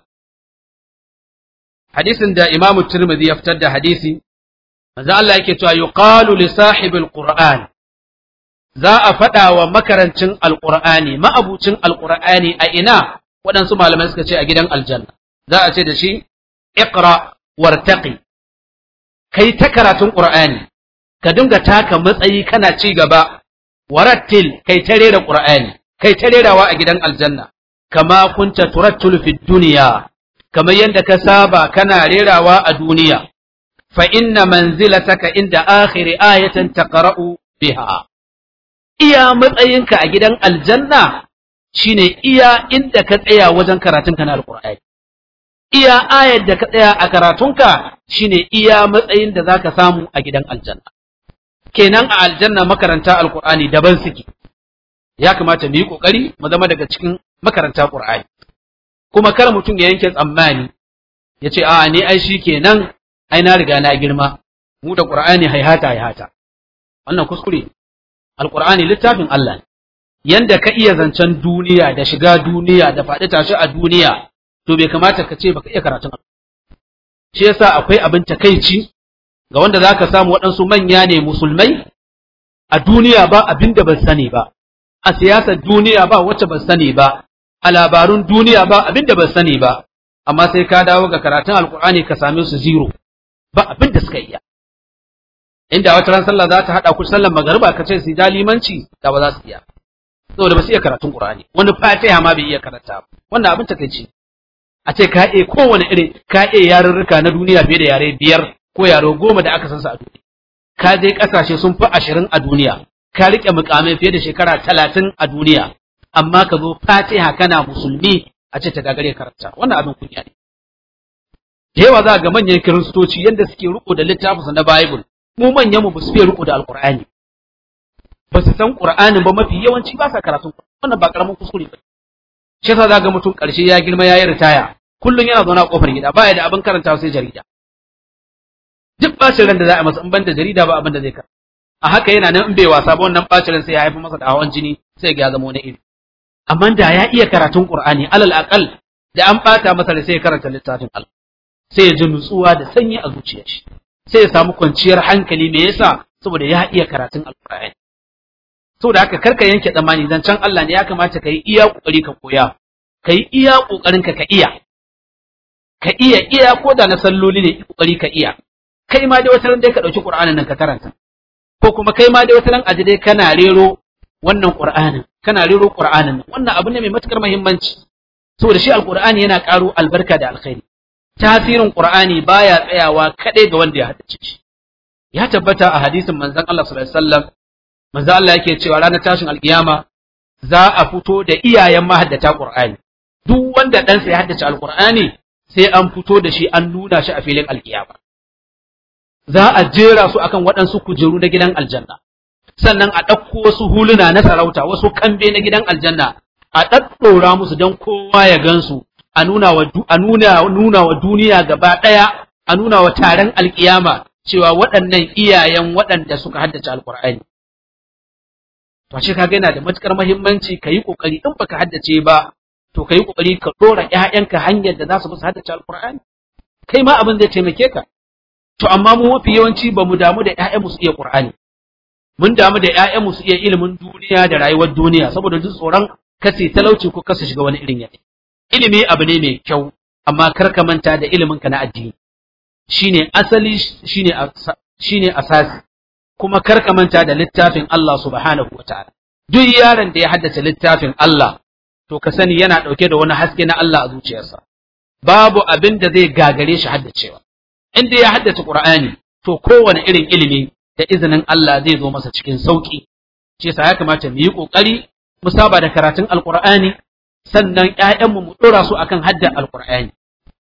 hadisin da imamu tirmidhi ya fitar da hadisi manzon Allah yake cewa yuqalu li sahibil qur'an za a faɗa wa makarancin alqur'ani ma'abucin alqur'ani a ina waɗansu malamai suka ce a gidan aljanna za a ce da shi iqra Wartaƙi, kai ta karatun ƙur'ani. ka dinga taka matsayi kana ci gaba warattil kai ta rera ƙur'ani. kai ta rerawa a gidan aljanna kama kunta turattul fid kamar yadda ka saba kana rerawa a duniya fa inna manzilataka inda akhiri ayatin taqra'u biha iya matsayinka a gidan aljanna shine iya inda ka tsaya wajen karatun kana alqur'ani iya ayar da ka tsaya a karatunka shine iya matsayin da za ka samu a gidan aljanna kenan a aljanna makaranta alqur'ani daban suke ya kamata mu yi kokari mu zama daga cikin makaranta qur'ani kuma kar mutum ya yanke tsammani ya ce a ne ai shi kenan ai na riga na girma mu da qur'ani haihata haihata wannan kuskure alqur'ani littafin Allah ne yanda ka iya zancen duniya da shiga duniya da faɗi tashi a duniya to bai kamata ka ce baka iya karatun shi yasa akwai abin takaici ga wanda zaka samu waɗansu manya ne musulmai a duniya ba abin da ban sani ba a siyasar duniya ba wacce ban sani ba a labarun duniya ba abin da ban sani ba amma sai ka dawo ga karatun alkur'ani ka same su zero ba abin da suka iya inda wata ran sallah za ta haɗa ku sallar magariba ka ce su da limanci da ba za su iya saboda ba su iya karatun qur'ani wani fatiha ma bai iya karanta ba wannan abin takeici a ce ka kowane irin ka iya yarurruka na duniya fiye da yare biyar ko yaro goma da aka san su a duniya ka je kasashe sun fi ashirin a duniya ka riƙe mukamai fiye da shekara talatin a duniya amma ka zo fatiha kana musulmi a ce ta gagare karanta wannan abin kunya ne da yawa za ga manyan kiristoci yadda suke riko da littafinsa na bible mu manyan mu ba su fiye riko da Alƙur'ani. ba su san qur'anin ba mafi yawanci ba sa karatun wannan ba karamin kuskure ba shi yasa za ga mutum ƙarshe ya girma ya yi ritaya kullum yana zaune a kofar gida baya da abin karanta sai jarida duk bacin ran da za a masa in banda jarida ba abin da zai karanta a haka yana nan in bai wasa ba wannan bacin ran sai ya haifi masa da hawan jini sai ya zama wani iri amma da ya iya karatun qur'ani alal aqal da an bata masa da sai ya karanta littafin Allah sai ya ji nutsuwa da sanyi a zuciyar shi sai ya samu kwanciyar hankali me yasa saboda ya iya karatun alqur'ani saboda haka karka yanke tsammani zan can Allah ne ya kamata yi iya kokari ka koya kai iya kokarin ka ka iya ka iya iya ko da na salloli ne kokari ka iya kai ma dai wata dai ka dauki qur'anin nan ka karanta ko kuma kai ma dai wata aje dai kana rero wannan qur'anin kana rero qur'anin nan wannan abu ne mai matukar muhimmanci saboda shi alqur'ani yana karo albarka da alkhairi tasirin qur'ani baya tsayawa kadai ga wanda ya hada shi. ya tabbata a hadisin manzon Allah sallallahu alaihi wasallam manzon Allah yake cewa ranar tashin alkiyama za a fito da iyayen mahaddata qur'ani duk wanda ɗansa ya haddace alqur'ani sai an fito da shi an nuna shi a filin alkiyama za a jera su akan waɗansu kujeru na gidan aljanna sannan a ɗauko wasu huluna na sarauta wasu kambe na gidan aljanna a ɗaɗɗora musu don kowa ya gansu a nuna wa a nuna wa duniya gaba ɗaya a nuna wa taron alkiyama cewa waɗannan iyayen waɗanda suka haddace alkur'ani to ka kaga yana da matukar muhimmanci ka yi kokari in baka haddace ba to kai kokari ka dora ƴaƴanka hanyar da za su musu haddace alqur'ani kai ma abin zai taimake ka to amma mu mafi yawanci ba mu damu da mu su iya qur'ani mun damu da mu su iya ilimin duniya da rayuwar duniya saboda duk tsoron kace talauci ko kasa shiga wani irin yanayi ilimi abu ne mai kyau amma kar ka manta da ilimin ka na addini shine asali shine shine asasi kuma kar ka manta da littafin Allah subhanahu wataala duk yaron da ya haddace littafin Allah to ka sani yana ɗauke da wani haske na Allah a zuciyarsa babu abin da zai gagare shi haddacewa inda ya haddace ƙur'ani, to kowane irin ilimi da izinin Allah zai zo masa cikin sauki shi ya kamata mu yi ƙoƙari mu saba da karatun Alƙur'ani sannan 'ya'yan mu dora su akan haddan Alƙur'ani.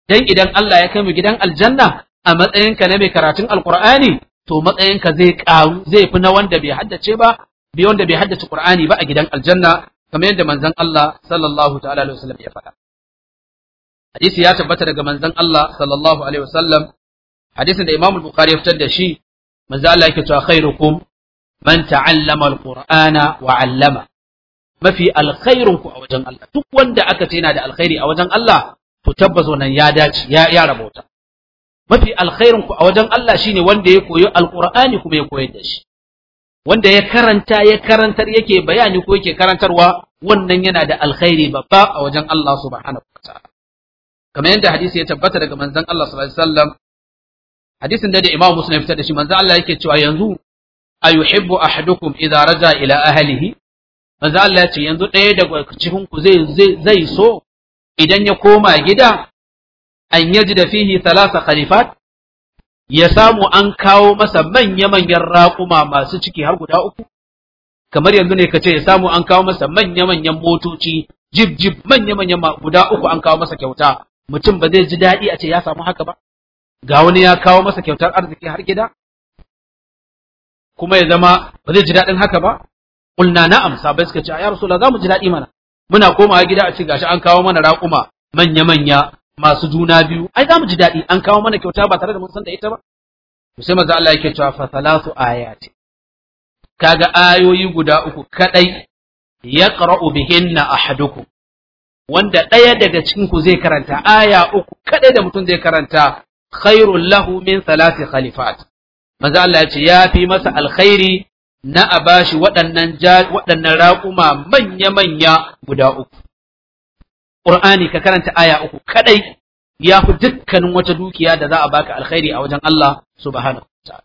dan idan Allah ya kai mu gidan aljanna a matsayinka na mai karatun Alƙur'ani, to matsayinka zai ƙaru zai fi na wanda bai haddace ba bai wanda bai haddace ƙur'ani ba a gidan aljanna kamar yadda manzon Allah sallallahu ta'ala alaihi wasallam ya faɗa hadisi ya tabbata daga manzon Allah sallallahu alaihi wasallam hadisin da Imam Bukhari ya fitar da shi manzon Allah yake cewa khairukum man ta'allama alqur'ana wa 'allama mafi alkhairun ku a wajen Allah duk wanda aka ce yana da alkhairi a wajen Allah to tabbas wannan ya dace ya ya rabota mafi alkhairun ku a wajen Allah shine wanda ya koyi alqur'ani kuma ya koyar da shi wanda ya karanta ya karantar yake bayani ko yake karantarwa wannan yana da alkhairi babba a wajen Allah subhanahu wataala kamar yadda hadisi ya tabbata daga manzon Allah sallallahu alaihi wasallam hadisin da Imam Muslim ya fitar da shi manzon Allah yake cewa yanzu ayuhibbu ahadukum idza raja ila ahlihi manzon Allah ya ce yanzu ɗaya daga cikin ku zai zai so idan ya koma gida an yaji da fihi thalatha khalifat ya samu an kawo masa manya-manyan raƙuma masu ciki har guda uku kamar yanzu ne ka ce ya samu an kawo masa manya-manyan motoci jib jib manya-manyan guda uku an kawo masa kyauta mutum ba zai ji daɗi a ce ya samu haka ba ga wani ya kawo masa kyautar arziki har gida kuma ya zama ba zai ji daɗin haka ba kulna na'am sabai suka ce ya rasulullah za mu ji daɗi mana muna komawa gida a ce gashi an kawo mana raƙuma manya-manya masu juna biyu ai za mu ji daɗi an kawo mana kyauta ba tare da mun san da ita ba to sai maza Allah yake cewa fa salatu ayati kaga ayoyi guda uku kadai yaqra'u bihinna ahadukum wanda ɗaya daga cikin ku zai karanta aya uku kadai da mutum zai karanta khairul lahu min salati khalifat Maza Allah ya ce ya fi masa alkhairi na a bashi waɗannan raƙuma manya-manya guda uku Qur'ani ka karanta aya uku kadai ya fi dukkanin wata dukiya da za a baka alkhairi a wajen Allah subhanahu wa ta'ala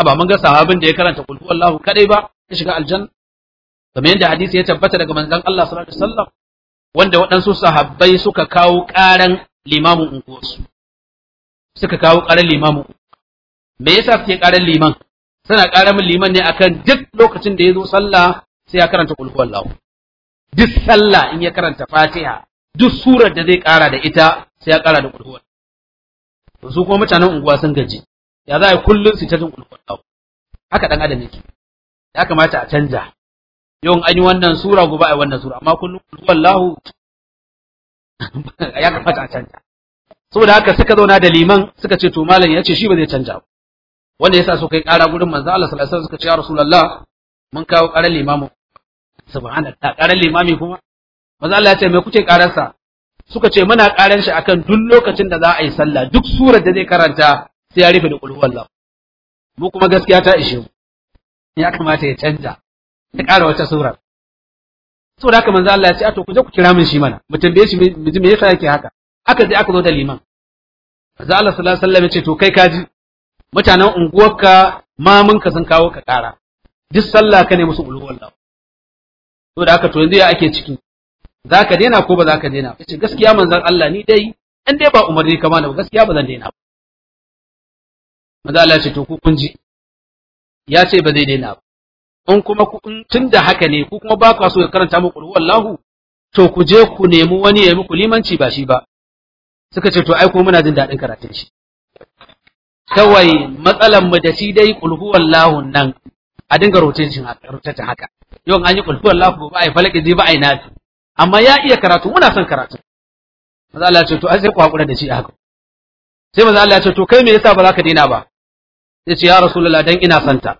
aba mun ga sahabin da ya karanta qul Allahu kaɗai ba ya shiga aljanna kamar yadda hadisi ya tabbata daga manzon Allah sallallahu alaihi wasallam wanda waɗansu sahabbai suka kawo ƙaran limamin unguwarsu suka kawo ƙaran limamin me yasa suke ƙaran liman suna ƙaran liman ne akan duk lokacin da ya zo sallah sai ya karanta qul Allahu. duk sallah in ya karanta fatiha duk surar da zai ƙara da ita sai ya ƙara da ƙulhuwar. su kuma mutanen unguwa sun gaji ya za a yi kullum su ta jin kulhuwar haka ɗan adam yake ya kamata a canja yau an yi wannan sura gobe a wannan sura amma kullum ƙulhuwar lahu ya kamata a canja saboda haka suka zauna da liman suka ce to malam ya ce shi ba zai canja ba wanda yasa so kai ƙara gurin manzo Allah sallallahu alaihi wasallam suka ce ya rasulullah mun kawo karar limamin subhanallah karan limami kuma maza Allah ya ce me kuke kararsa suka ce muna karan shi akan duk lokacin da za a yi sallah duk surar da zai karanta sai ya rufe da qul huwallahu mu kuma gaskiya ta ishe mu ya kamata ya canja ya ƙara wata sura saboda haka manzo Allah ya ce a to ku je ku kira min shi mana mu tambaye shi miji ji me yasa yake haka aka je aka zo da liman manzo Allah sallallahu alaihi wasallam ya ce to kai kaji mutanen unguwarka mamunka sun kawo ka ƙara duk sallah ka ne musu ulu wallahu to da aka to yanzu ya ake ciki za ka daina ko ba za ka daina ya gaskiya manzan Allah ni dai in dai ba umarni kama da gaskiya ba zan daina ba manzo Allah ya ce to ku kun ji ya ce ba zai daina ba in kuma tun da haka ne ku kuma ba ku so ya karanta muku wallahu to ku je ku nemi wani ya muku limanci ba shi ba suka ce to ai ko muna jin daɗin karatun shi kawai matsalan mu da shi dai kulhu wallahu nan a dinga rotacin haka yau an yi kulfuwar lafi ba a yi falaki zai ba a yi nafi amma ya iya karatu muna son karatu maza Allah ya ce to an sai ku hakura da shi a haka sai maza Allah ya ce to kai me yasa ba za ka daina ba sai ce ya rasulullah dan ina santa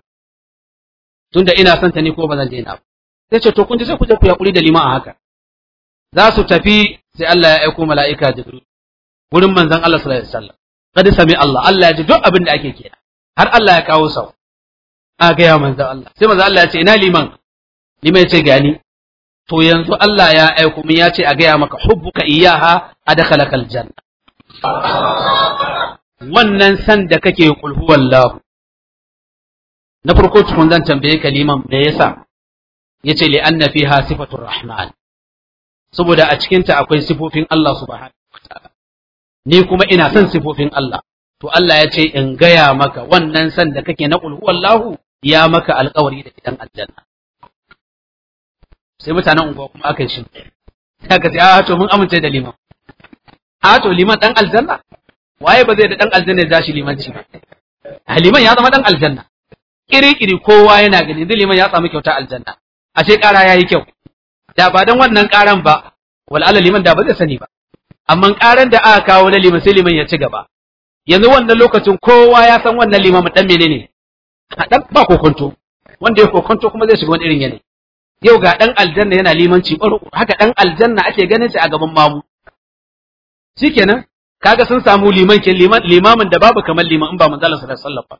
tunda ina santa ni ko ba zan daina ba sai ce to kun ji sai ku je ku yakuri da lima a haka za su tafi sai Allah ya aiko mala'ika jibril wurin manzon Allah sallallahu alaihi wasallam kada sami Allah Allah ya ji duk abin da ake kenan har Allah ya kawo sau a gaya Allah sai manzan Allah ya ce ina liman liman ya ce gani to yanzu Allah ya aiko min ya ce a gaya maka hubbuka iyaha adkhalaka aljanna wannan san da kake kulhu wallahu na farko tukun zan tambaye ka liman me yasa yace li anna fiha sifatur rahman saboda a cikinta akwai sifofin Allah subhanahu wataala ni kuma ina son sifofin Allah to Allah ya ce in gaya maka wannan san da kake na qul huwallahu ya maka alƙawari da gidan aljanna sai mutanen unguwa kuma aka shi aka ce a ah, to mun amince da liman a ah, to liman dan aljanna waye ba zai da dan aljanna ya shi limanci ba a ah, liman ya zama dan aljanna kiri-kiri kowa yana gani yanzu liman ya samu kyauta aljanna ashe ƙara yayi kyau da ba dan wannan ƙaran ba wal liman da ba zai sani ba amma ƙaran da aka kawo na liman sai liman ya ci gaba yanzu wannan lokacin kowa ya san wannan limamin dan menene dan ba kokonto wanda ya kokonto kuma zai shiga wani irin yanayi yau ga dan aljanna yana limanci ɓarko haka dan aljanna ake ganin shi a gaban mamu shikenan kaga sun samu liman ke limamin da babu kamar liman in ba manzalar sallallahu alaihi wasallam ba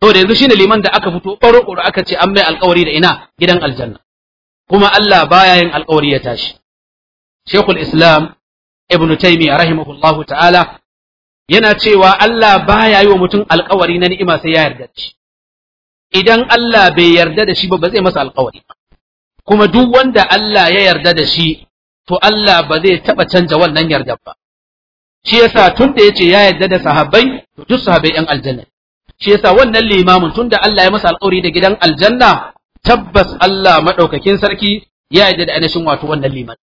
to da yanzu shine liman da aka fito ɓarko aka ce an mai alƙawari da ina gidan aljanna kuma Allah baya yin alƙawari ya tashi Sheikhul Islam Ibn Taymiyyah rahimahullahu ta'ala yana cewa Allah baya yi wa mutum alkawari na ni'ima sai ya yarda da shi idan Allah bai yarda da shi ba ba zai masa alkawari kuma duk wanda Allah ya yarda da shi to Allah ba zai taba canja wannan yarda ba shi yasa tun da yace ya yarda da sahabbai to duk sahabbai yan aljanna shi yasa wannan limamin tun da Allah ya masa alkawari da gidan aljanna tabbas Allah madaukakin sarki ya yarda da ainihin wato wannan liman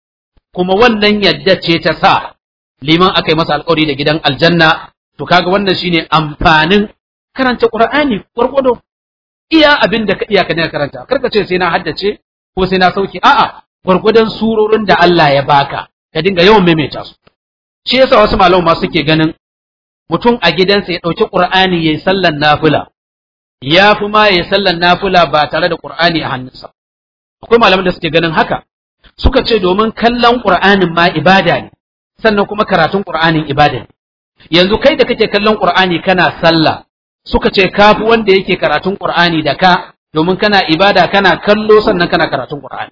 kuma wannan yarda ce ta sa liman aka yi masa alƙawari da gidan aljanna to kaga wannan shine amfanin karanta qur'ani gwargwado iya abin da ka iya ka karanta kar ka ce sai na haddace ko sai na sauki a'a gwargwadon surorin da Allah ya baka ka dinga yawan maimaita su shi yasa wasu malaman ma suke ganin mutum a gidansa ya ɗauki qur'ani yayi sallan nafila ya fi ma yayi sallan nafila ba tare da qur'ani a hannunsa akwai malaman da suke ganin haka suka ce domin kallon qur'anin ma ibada ne sannan kuma karatun Qur'anin ibada yanzu kai da kake kallon Qur'ani kana sallah suka ce kafi wanda yake karatun Qur'ani da ka domin kana ibada kana kallo sannan kana karatun Qur'ani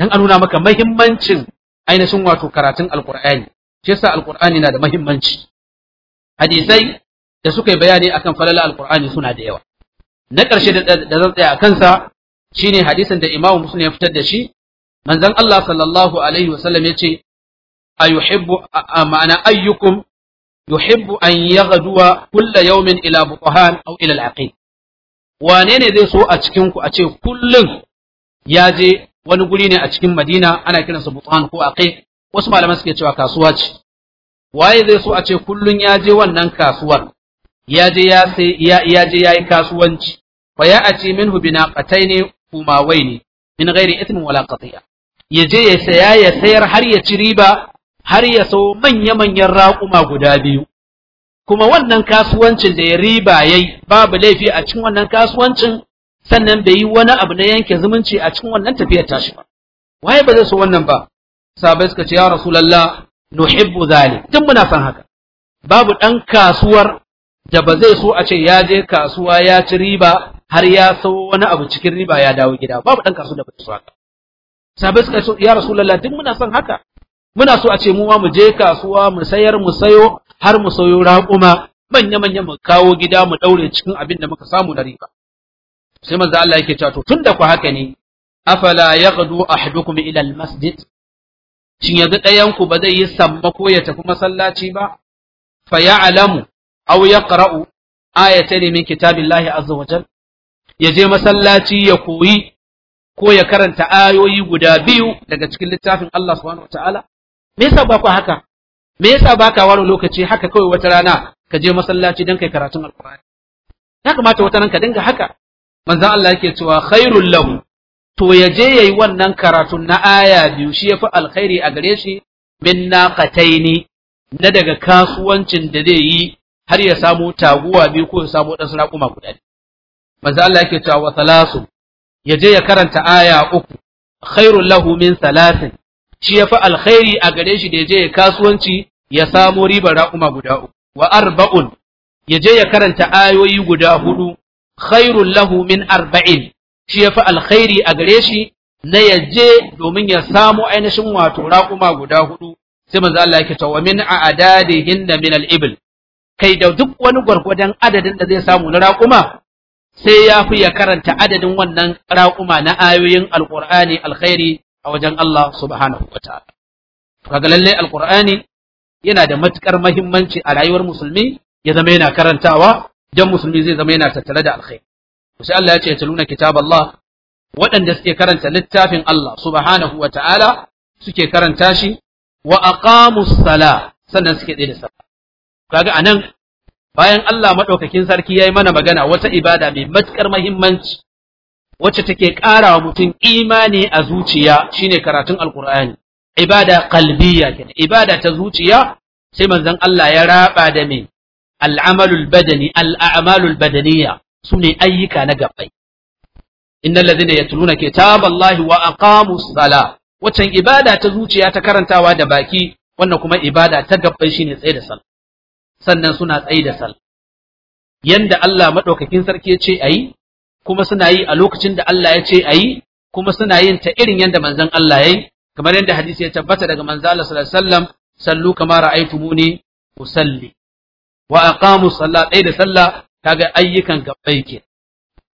dan an nuna maka mahimmancin ainihin wato karatun Alqur'ani shi yasa Alqur'ani na da mahimmanci hadisai da suka yi bayani akan falala Alqur'ani suna da yawa na ƙarshe da zan tsaya a kansa shine hadisin da imamu Muslim ya fitar da shi manzon Allah sallallahu alaihi wasallam ya ce ayuhibbu ma'ana ayyukum yuhibbu an yaghduwa kulla yawmin ila butahan aw wane ne zai so a cikin ku a ce kullun ya je wani guri a cikin Madina ana kiransa Butan ko Aqi wasu malaman suke cewa kasuwa ce waye zai so a kullun ya je wannan kasuwar ya je ya sai ya je yayi kasuwanci fa ya ati minhu ne? min ghairi ithmin wala ya je ya saya ya sayar har ya ci riba har ya so manya-manyan raƙuma guda biyu kuma wannan kasuwancin da ya riba ya yi babu laifi a cikin wannan kasuwancin sannan bai yi wani abu na yanke zumunci a cikin wannan tafiyar tashi ba waye ba zai so wannan ba sabai suka ce ya rasulullah nuhibbu zalik tun muna son haka babu ɗan kasuwar da ba zai so a ce ya je kasuwa ya ci riba har ya sau wani abu cikin riba ya dawo gida babu ɗan kasuwa da ba zai so haka Sabai suka ce ya rasulullah tun muna son haka muna so a ce mu ma mu je kasuwa mu sayar mu sayo har mu sayo raƙuma manya-manya mu kawo gida mu ɗaure cikin abin da muka samu na riba sai manzo Allah yake cewa to tunda ku haka ne afala yaqdu ahadukum ila almasjid shin yanzu ɗayan ku ba zai yi ko ya tafi masallaci ba fa ya'lamu aw yaqra'u ayatan min kitabillahi azza wa jal ya je masallaci ya koyi ko ya karanta ayoyi guda biyu daga cikin littafin Allah subhanahu wa me yasa ba ku haka me yasa ba ka ware lokaci haka kawai wata rana ka je masallaci don kai karatun alkur'ani ya kamata wata nan ka dinga haka manzon Allah yake cewa khairul lahu to ya je yayi wannan karatun na aya biyu shi yafi alkhairi a gare shi min naqataini na daga kasuwancin da zai yi har ya samu taguwa biyu ko ya samu dan kuma guda manzon Allah yake cewa wa salasu ya je ya karanta aya uku khairul lahu min salasin shi yafi alkhairi a gare shi da je ya kasuwanci ya samo riba ra'uma guda uku wa arba'un ya je ya karanta ayoyi guda hudu khairun lahu min arba'in shi yafi alkhairi a gare shi na ya je domin ya samo ainihin wato ra'uma guda hudu sai manzo Allah yake cewa min a'dadihinna min al-ibl kai da duk wani gwargwadon adadin da zai samu na raƙuma sai ya fi ya karanta adadin wannan raƙuma na ayoyin alƙur'ani alkhairi a wajen Allah subhanahu wa ta'ala kaga lalle alqur'ani yana da matukar mahimmanci a rayuwar musulmi ya zama yana karantawa dan musulmi zai zama yana tattare da alkhairi sai Allah ya ce taluna kitab Allah waɗanda suke karanta littafin Allah subhanahu wa ta'ala suke karanta shi wa aqamus sala sannan suke ɗaya da sallah kaga anan bayan Allah madaukakin sarki ya yi mana magana wata ibada mai matukar muhimmanci wacce take ƙara wa mutum imani a zuciya shine karatun alkur'ani ibada qalbiyya kenan ibada ta zuciya sai manzon Allah ya raba da me al'amalul badani al'amalul badaniya sune ayyuka na gabbai innal ladhina yatluna kitaballahi wa aqamus sala wacan ibada ta zuciya ta karantawa da baki wannan kuma ibada ta gabbai shine tsaye da sallah sannan suna tsaye da sallah yanda Allah madaukakin sarki ya ce ayi kuma suna yi a lokacin da Allah ya ce a yi kuma suna yin ta irin yadda manzon Allah ya yi kamar yadda hadisi ya tabbata daga manzon Allah sallallahu alaihi wasallam sallu kama ra'aytumuni usalli wa aqamu sallah ɗaya da sallah kaga ayyukan gabbai ke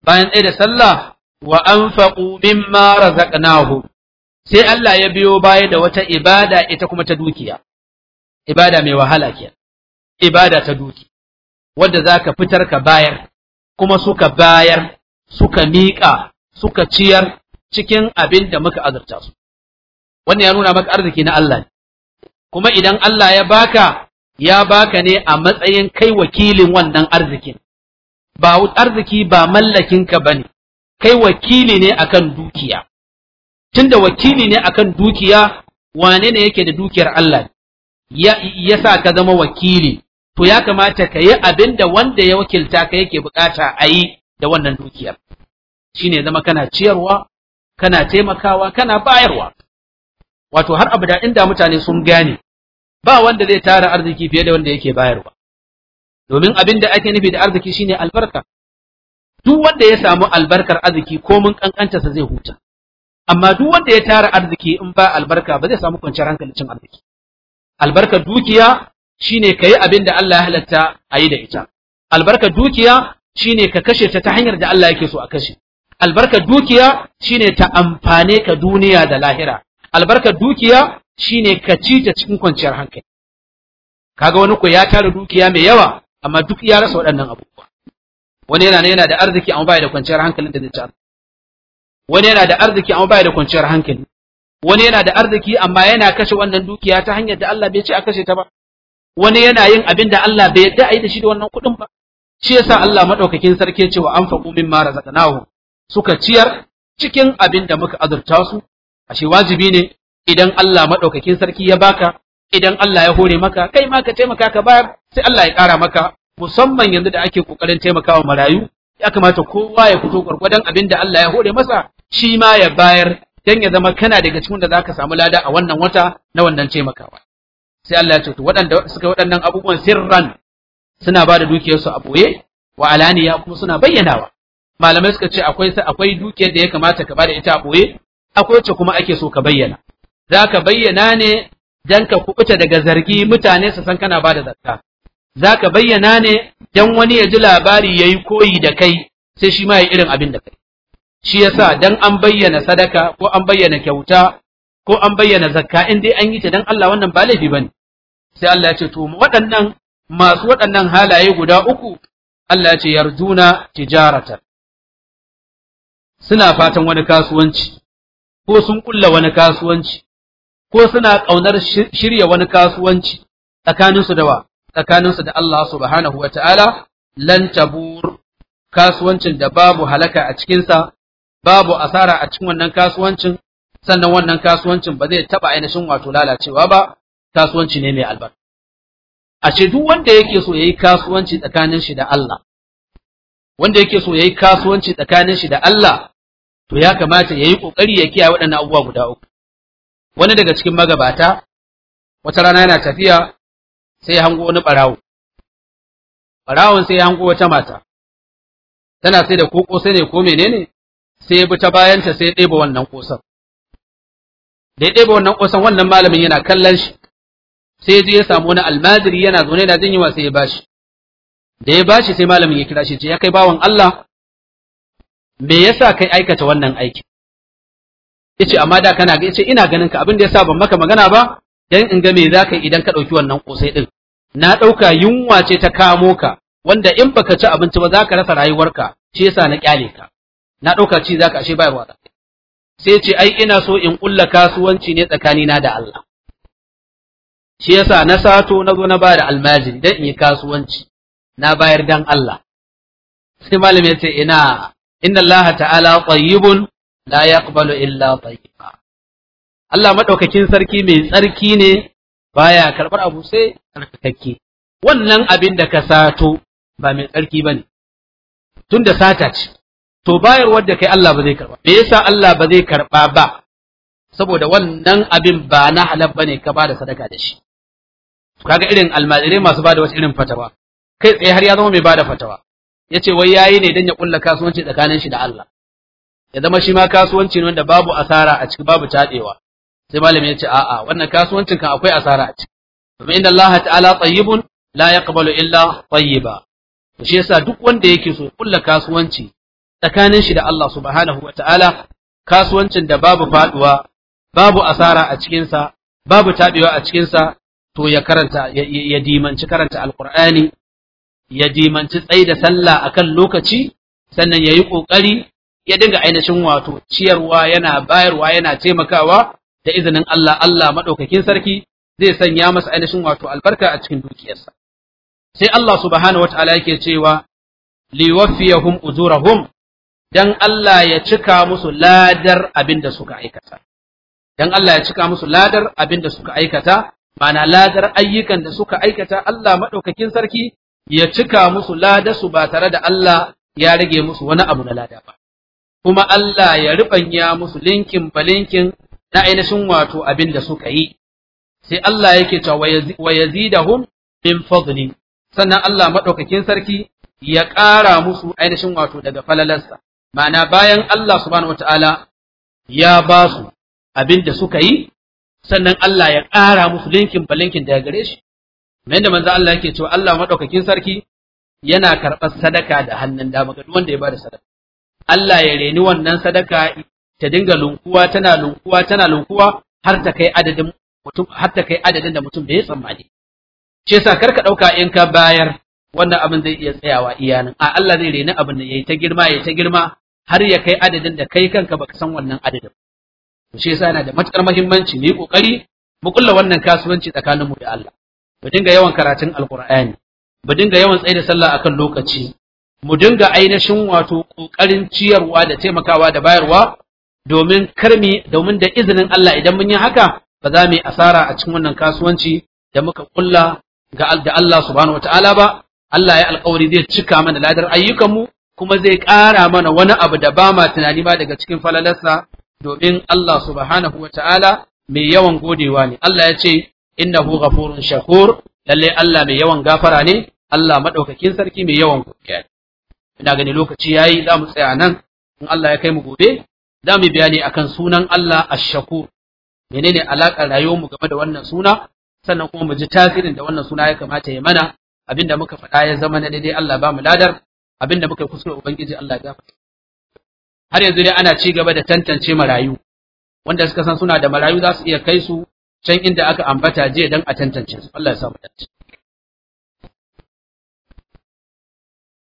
bayan ɗaya da sallah wa anfaqu mimma razaqnahum sai Allah ya biyo baya da wata ibada ita kuma ta dukiya ibada mai wahala ke ibada ta duki wadda zaka fitar ka bayar kuma suka bayar suka miƙa suka ciyar cikin abin da muka azurta su wannan ya nuna maka arziki na Allah ne kuma idan Allah ya baka ya baka ne a matsayin kai wakilin wannan arzikin ba arziki ba mallakinka ba ne. kai wakili ne akan dukiya tunda wakili ne akan dukiya wane ne yake da dukiyar Allah ya sa ka zama wakili to ya kamata ka yi abin da wanda ya wakilta ka yake bukata a yi da wannan dukiyar ne zama kana ciyarwa kana taimakawa kana bayarwa wato har abada inda mutane sun gane ba wanda zai tara arziki fiye da wanda yake bayarwa domin abin da ake nufi da arziki shine albarka duk wanda ya samu albarkar arziki komin sa zai huta amma duk wanda ya tara arziki in ba albarka ba zai samu kwanciyar hankali cin arziki albarkar dukiya shine ka yi abin da Allah ya halatta a yi da ita albarkar dukiya shi ne ka kashe ta ta hanyar da Allah yake so a kashe albarkar dukiya shine ta amfane ka duniya da lahira albarkar dukiya shine ka ci ta cikin kwanciyar hankali kaga wani ko ya tara dukiya mai yawa amma duk ya rasa waɗannan abubuwa wani yana yana da arziki amma bai da kwanciyar hankalin da zai ci wani yana da arziki amma bai da kwanciyar hankali wani yana da arziki amma yana kashe wannan dukiya ta hanyar da Allah bai ce a kashe ta ba wani yana yin abin da Allah bai yarda a yi da shi da wannan kuɗin ba shi yasa Allah madaukakin sarki ya ce wa anfaqu mimma razaqnahum suka ciyar cikin abin da muka azurta su ashe wajibi ne idan Allah maɗaukakin sarki ya baka idan Allah ya hore maka kai ma ka taimaka ka bayar sai Allah ya ƙara maka musamman yanzu da ake ƙoƙarin taimakawa marayu ya kamata kowa ya fito gwargwadon abin da Allah ya hore masa shi ma ya bayar dan ya zama kana daga cikin da za ka samu lada a wannan wata na wannan taimakawa sai Allah ya ce waɗanda suka waɗannan abubuwan sirran suna ba da dukiyarsu a ɓoye wa alaniya kuma suna bayyanawa malamai suka ce akwai akwai dukiyar da ya kamata ka bada ita a ɓoye akwai wacce kuma ake so ka bayyana za ka bayyana ne dan ka kubuta daga zargi mutane su san kana bada zakka za ka bayyana ne dan wani ya ji labari ya yi koyi da kai sai shi ma ya irin abin da kai shi yasa dan an bayyana sadaka ko an bayyana kyauta ko an bayyana zakka in dai an yi ta dan Allah wannan ba laifi bane sai Allah ya ce to waɗannan masu waɗannan halaye guda uku Allah ya ce yarjuna tijaratan suna fatan wani kasuwanci ko sun kulla wani kasuwanci ko suna ƙaunar shirya wani kasuwanci tsakaninsu da wa tsakaninsu da Allah subhanahu wa ta'ala lan kasuwancin da babu halaka a cikinsa babu asara a cikin wannan kasuwancin sannan wannan kasuwancin ba zai taɓa ainihin wato lalacewa ba kasuwanci ne mai albarka ce duk wanda yake so yayi kasuwanci tsakanin shi da Allah wanda yake so yayi kasuwanci tsakanin shi da Allah to ya kamata ya yi ƙoƙari ya kiyaye waɗannan abubuwa guda uku wani daga cikin magabata wata rana yana tafiya sai ya hango wani ɓarawo ɓarawon sai ya hango wata mata tana sai da ko ƙosai ne ko menene sai ya bi ta bayanta sai ya ɗeba wannan ƙosan da ya ɗeba wannan ƙosan wannan malamin yana kallon shi sai je ya samu wani almajiri yana zaune da jin yawa sai ya bashi da ya bashi sai malamin ya kira shi ce ya kai bawan Allah me yasa kai aikata wannan aiki yace amma da kana ga yace ina ganin ka abin da yasa ban maka magana ba dan in ga me zaka idan ka dauki wannan kosai din na dauka yunwa ce ta kamo ka wanda in baka ci abinci ba zaka rasa rayuwarka shi yasa na kyale ka na dauka ci zaka ashe bai sai ce ai ina so in kulla kasuwanci ne tsakani na da Allah shi yasa na sato na zo na bada almajiri dan in yi kasuwanci na bayar dan Allah sai malam ya ce ina inna Allah ta'ala tsayibun, la yaqbalu illa tayyiba Allah maɗaukakin sarki mai tsarki ne baya karɓar abu sai tsarkakakke wannan abin da ka sato ba mai tsarki bane tunda sata ce to bayar da kai Allah ba zai karba me yasa Allah ba zai karba ba saboda wannan abin ba na halal ne ka da sadaka da shi kaga irin almajirai masu bada wasu irin fatawa kai tsaye har ya zama mai bada fatawa ya ce wai yayi ne don ya kulla kasuwanci tsakanin shi da Allah ya zama shi ma kasuwanci ne wanda babu asara a ciki babu tadewa sai malami ya ce a'a wannan kasuwancin kan akwai asara a ciki kuma inda Allah ta'ala tayyibun la yaqbalu illa tayyiba to shi yasa duk wanda yake so kulla kasuwanci tsakanin shi da Allah subhanahu ta'ala kasuwancin da babu faduwa babu asara a cikinsa babu tabewa a cikinsa to ya karanta ya dimanci karanta alqur'ani ya dimanci tsai da sallah a kan lokaci sannan ya yi ƙoƙari ya dinga ainihin wato ciyarwa yana bayarwa yana taimakawa da izinin Allah Allah maɗaukakin sarki zai sanya masa ainihin wato albarka a cikin dukiyarsa sai Allah subhanahu wataala yake cewa liwafiyahum ujurahum dan Allah ya cika musu ladar abin da suka aikata dan Allah ya cika musu ladar abin da suka aikata mana ladar ayyukan da suka aikata Allah maɗaukakin sarki ya cika musu ladasu ba tare da Allah ya rage musu wani abu na lada ba kuma Allah ya riɓanya musu linkin balinkin na ainihin wato abin da suka yi sai Allah yake cewa wa hun min fadli sannan Allah madaukakin sarki ya ƙara musu ainihin wato daga falalarsa ma'ana bayan Allah subhanahu wataala ya ba su abin da suka yi sannan Allah ya ƙara musu linkin balinkin daga gare shi kamar yadda manzo Allah yake cewa Allah madaukakin sarki yana karɓar sadaka da hannun dama ga wanda ya bada sadaka Allah ya reni wannan sadaka ta dinga lunkuwa tana lunkuwa tana lunkuwa har ta kai adadin mutum har ta kai adadin da mutum bai tsammani ce sa karka dauka in ka bayar wannan abin zai iya tsayawa iyanin a Allah zai reni abin da ya yayi ta girma yayi ta girma har ya kai adadin da kai kanka baka san wannan adadin to shi yasa yana da matukar muhimmanci mu yi kokari mu kulla wannan kasuwanci tsakanin mu da Allah mu dinga yawan karatun alkur'ani mu dinga yawan tsaye da sallah akan lokaci mu dinga ainihin wato kokarin ciyarwa da taimakawa da bayarwa domin karmi domin da izinin Allah idan mun yi haka ba za mu yi asara a cikin wannan kasuwanci da muka kulla ga Allah subhanahu wataala ba Allah ya alƙawari zai cika mana ladar ayyukanmu kuma zai ƙara mana wani abu da ba ma tunani ba daga cikin falalarsa domin Allah subhanahu wata'ala mai yawan godewa ne. Allah ya ce, Inna innahu ghafurun shakur lalle Allah mai yawan gafara ne Allah madaukakin sarki mai yawan godiya ina gani lokaci yayi za mu tsaya nan in Allah ya kai mu gobe za mu bayani akan sunan Allah ash-shakur menene alakar rayuwar mu game da wannan suna sannan kuma mu ji tasirin da wannan suna ya kamata ya mana abinda muka faɗa ya zama na daidai Allah ba mu ladar abinda muka kuskure ubangiji Allah ya gafara har yanzu dai ana ci gaba da tantance marayu wanda suka san suna da marayu za su iya kai su can inda aka ambata jiya dan a tantance su Allah ya samu dace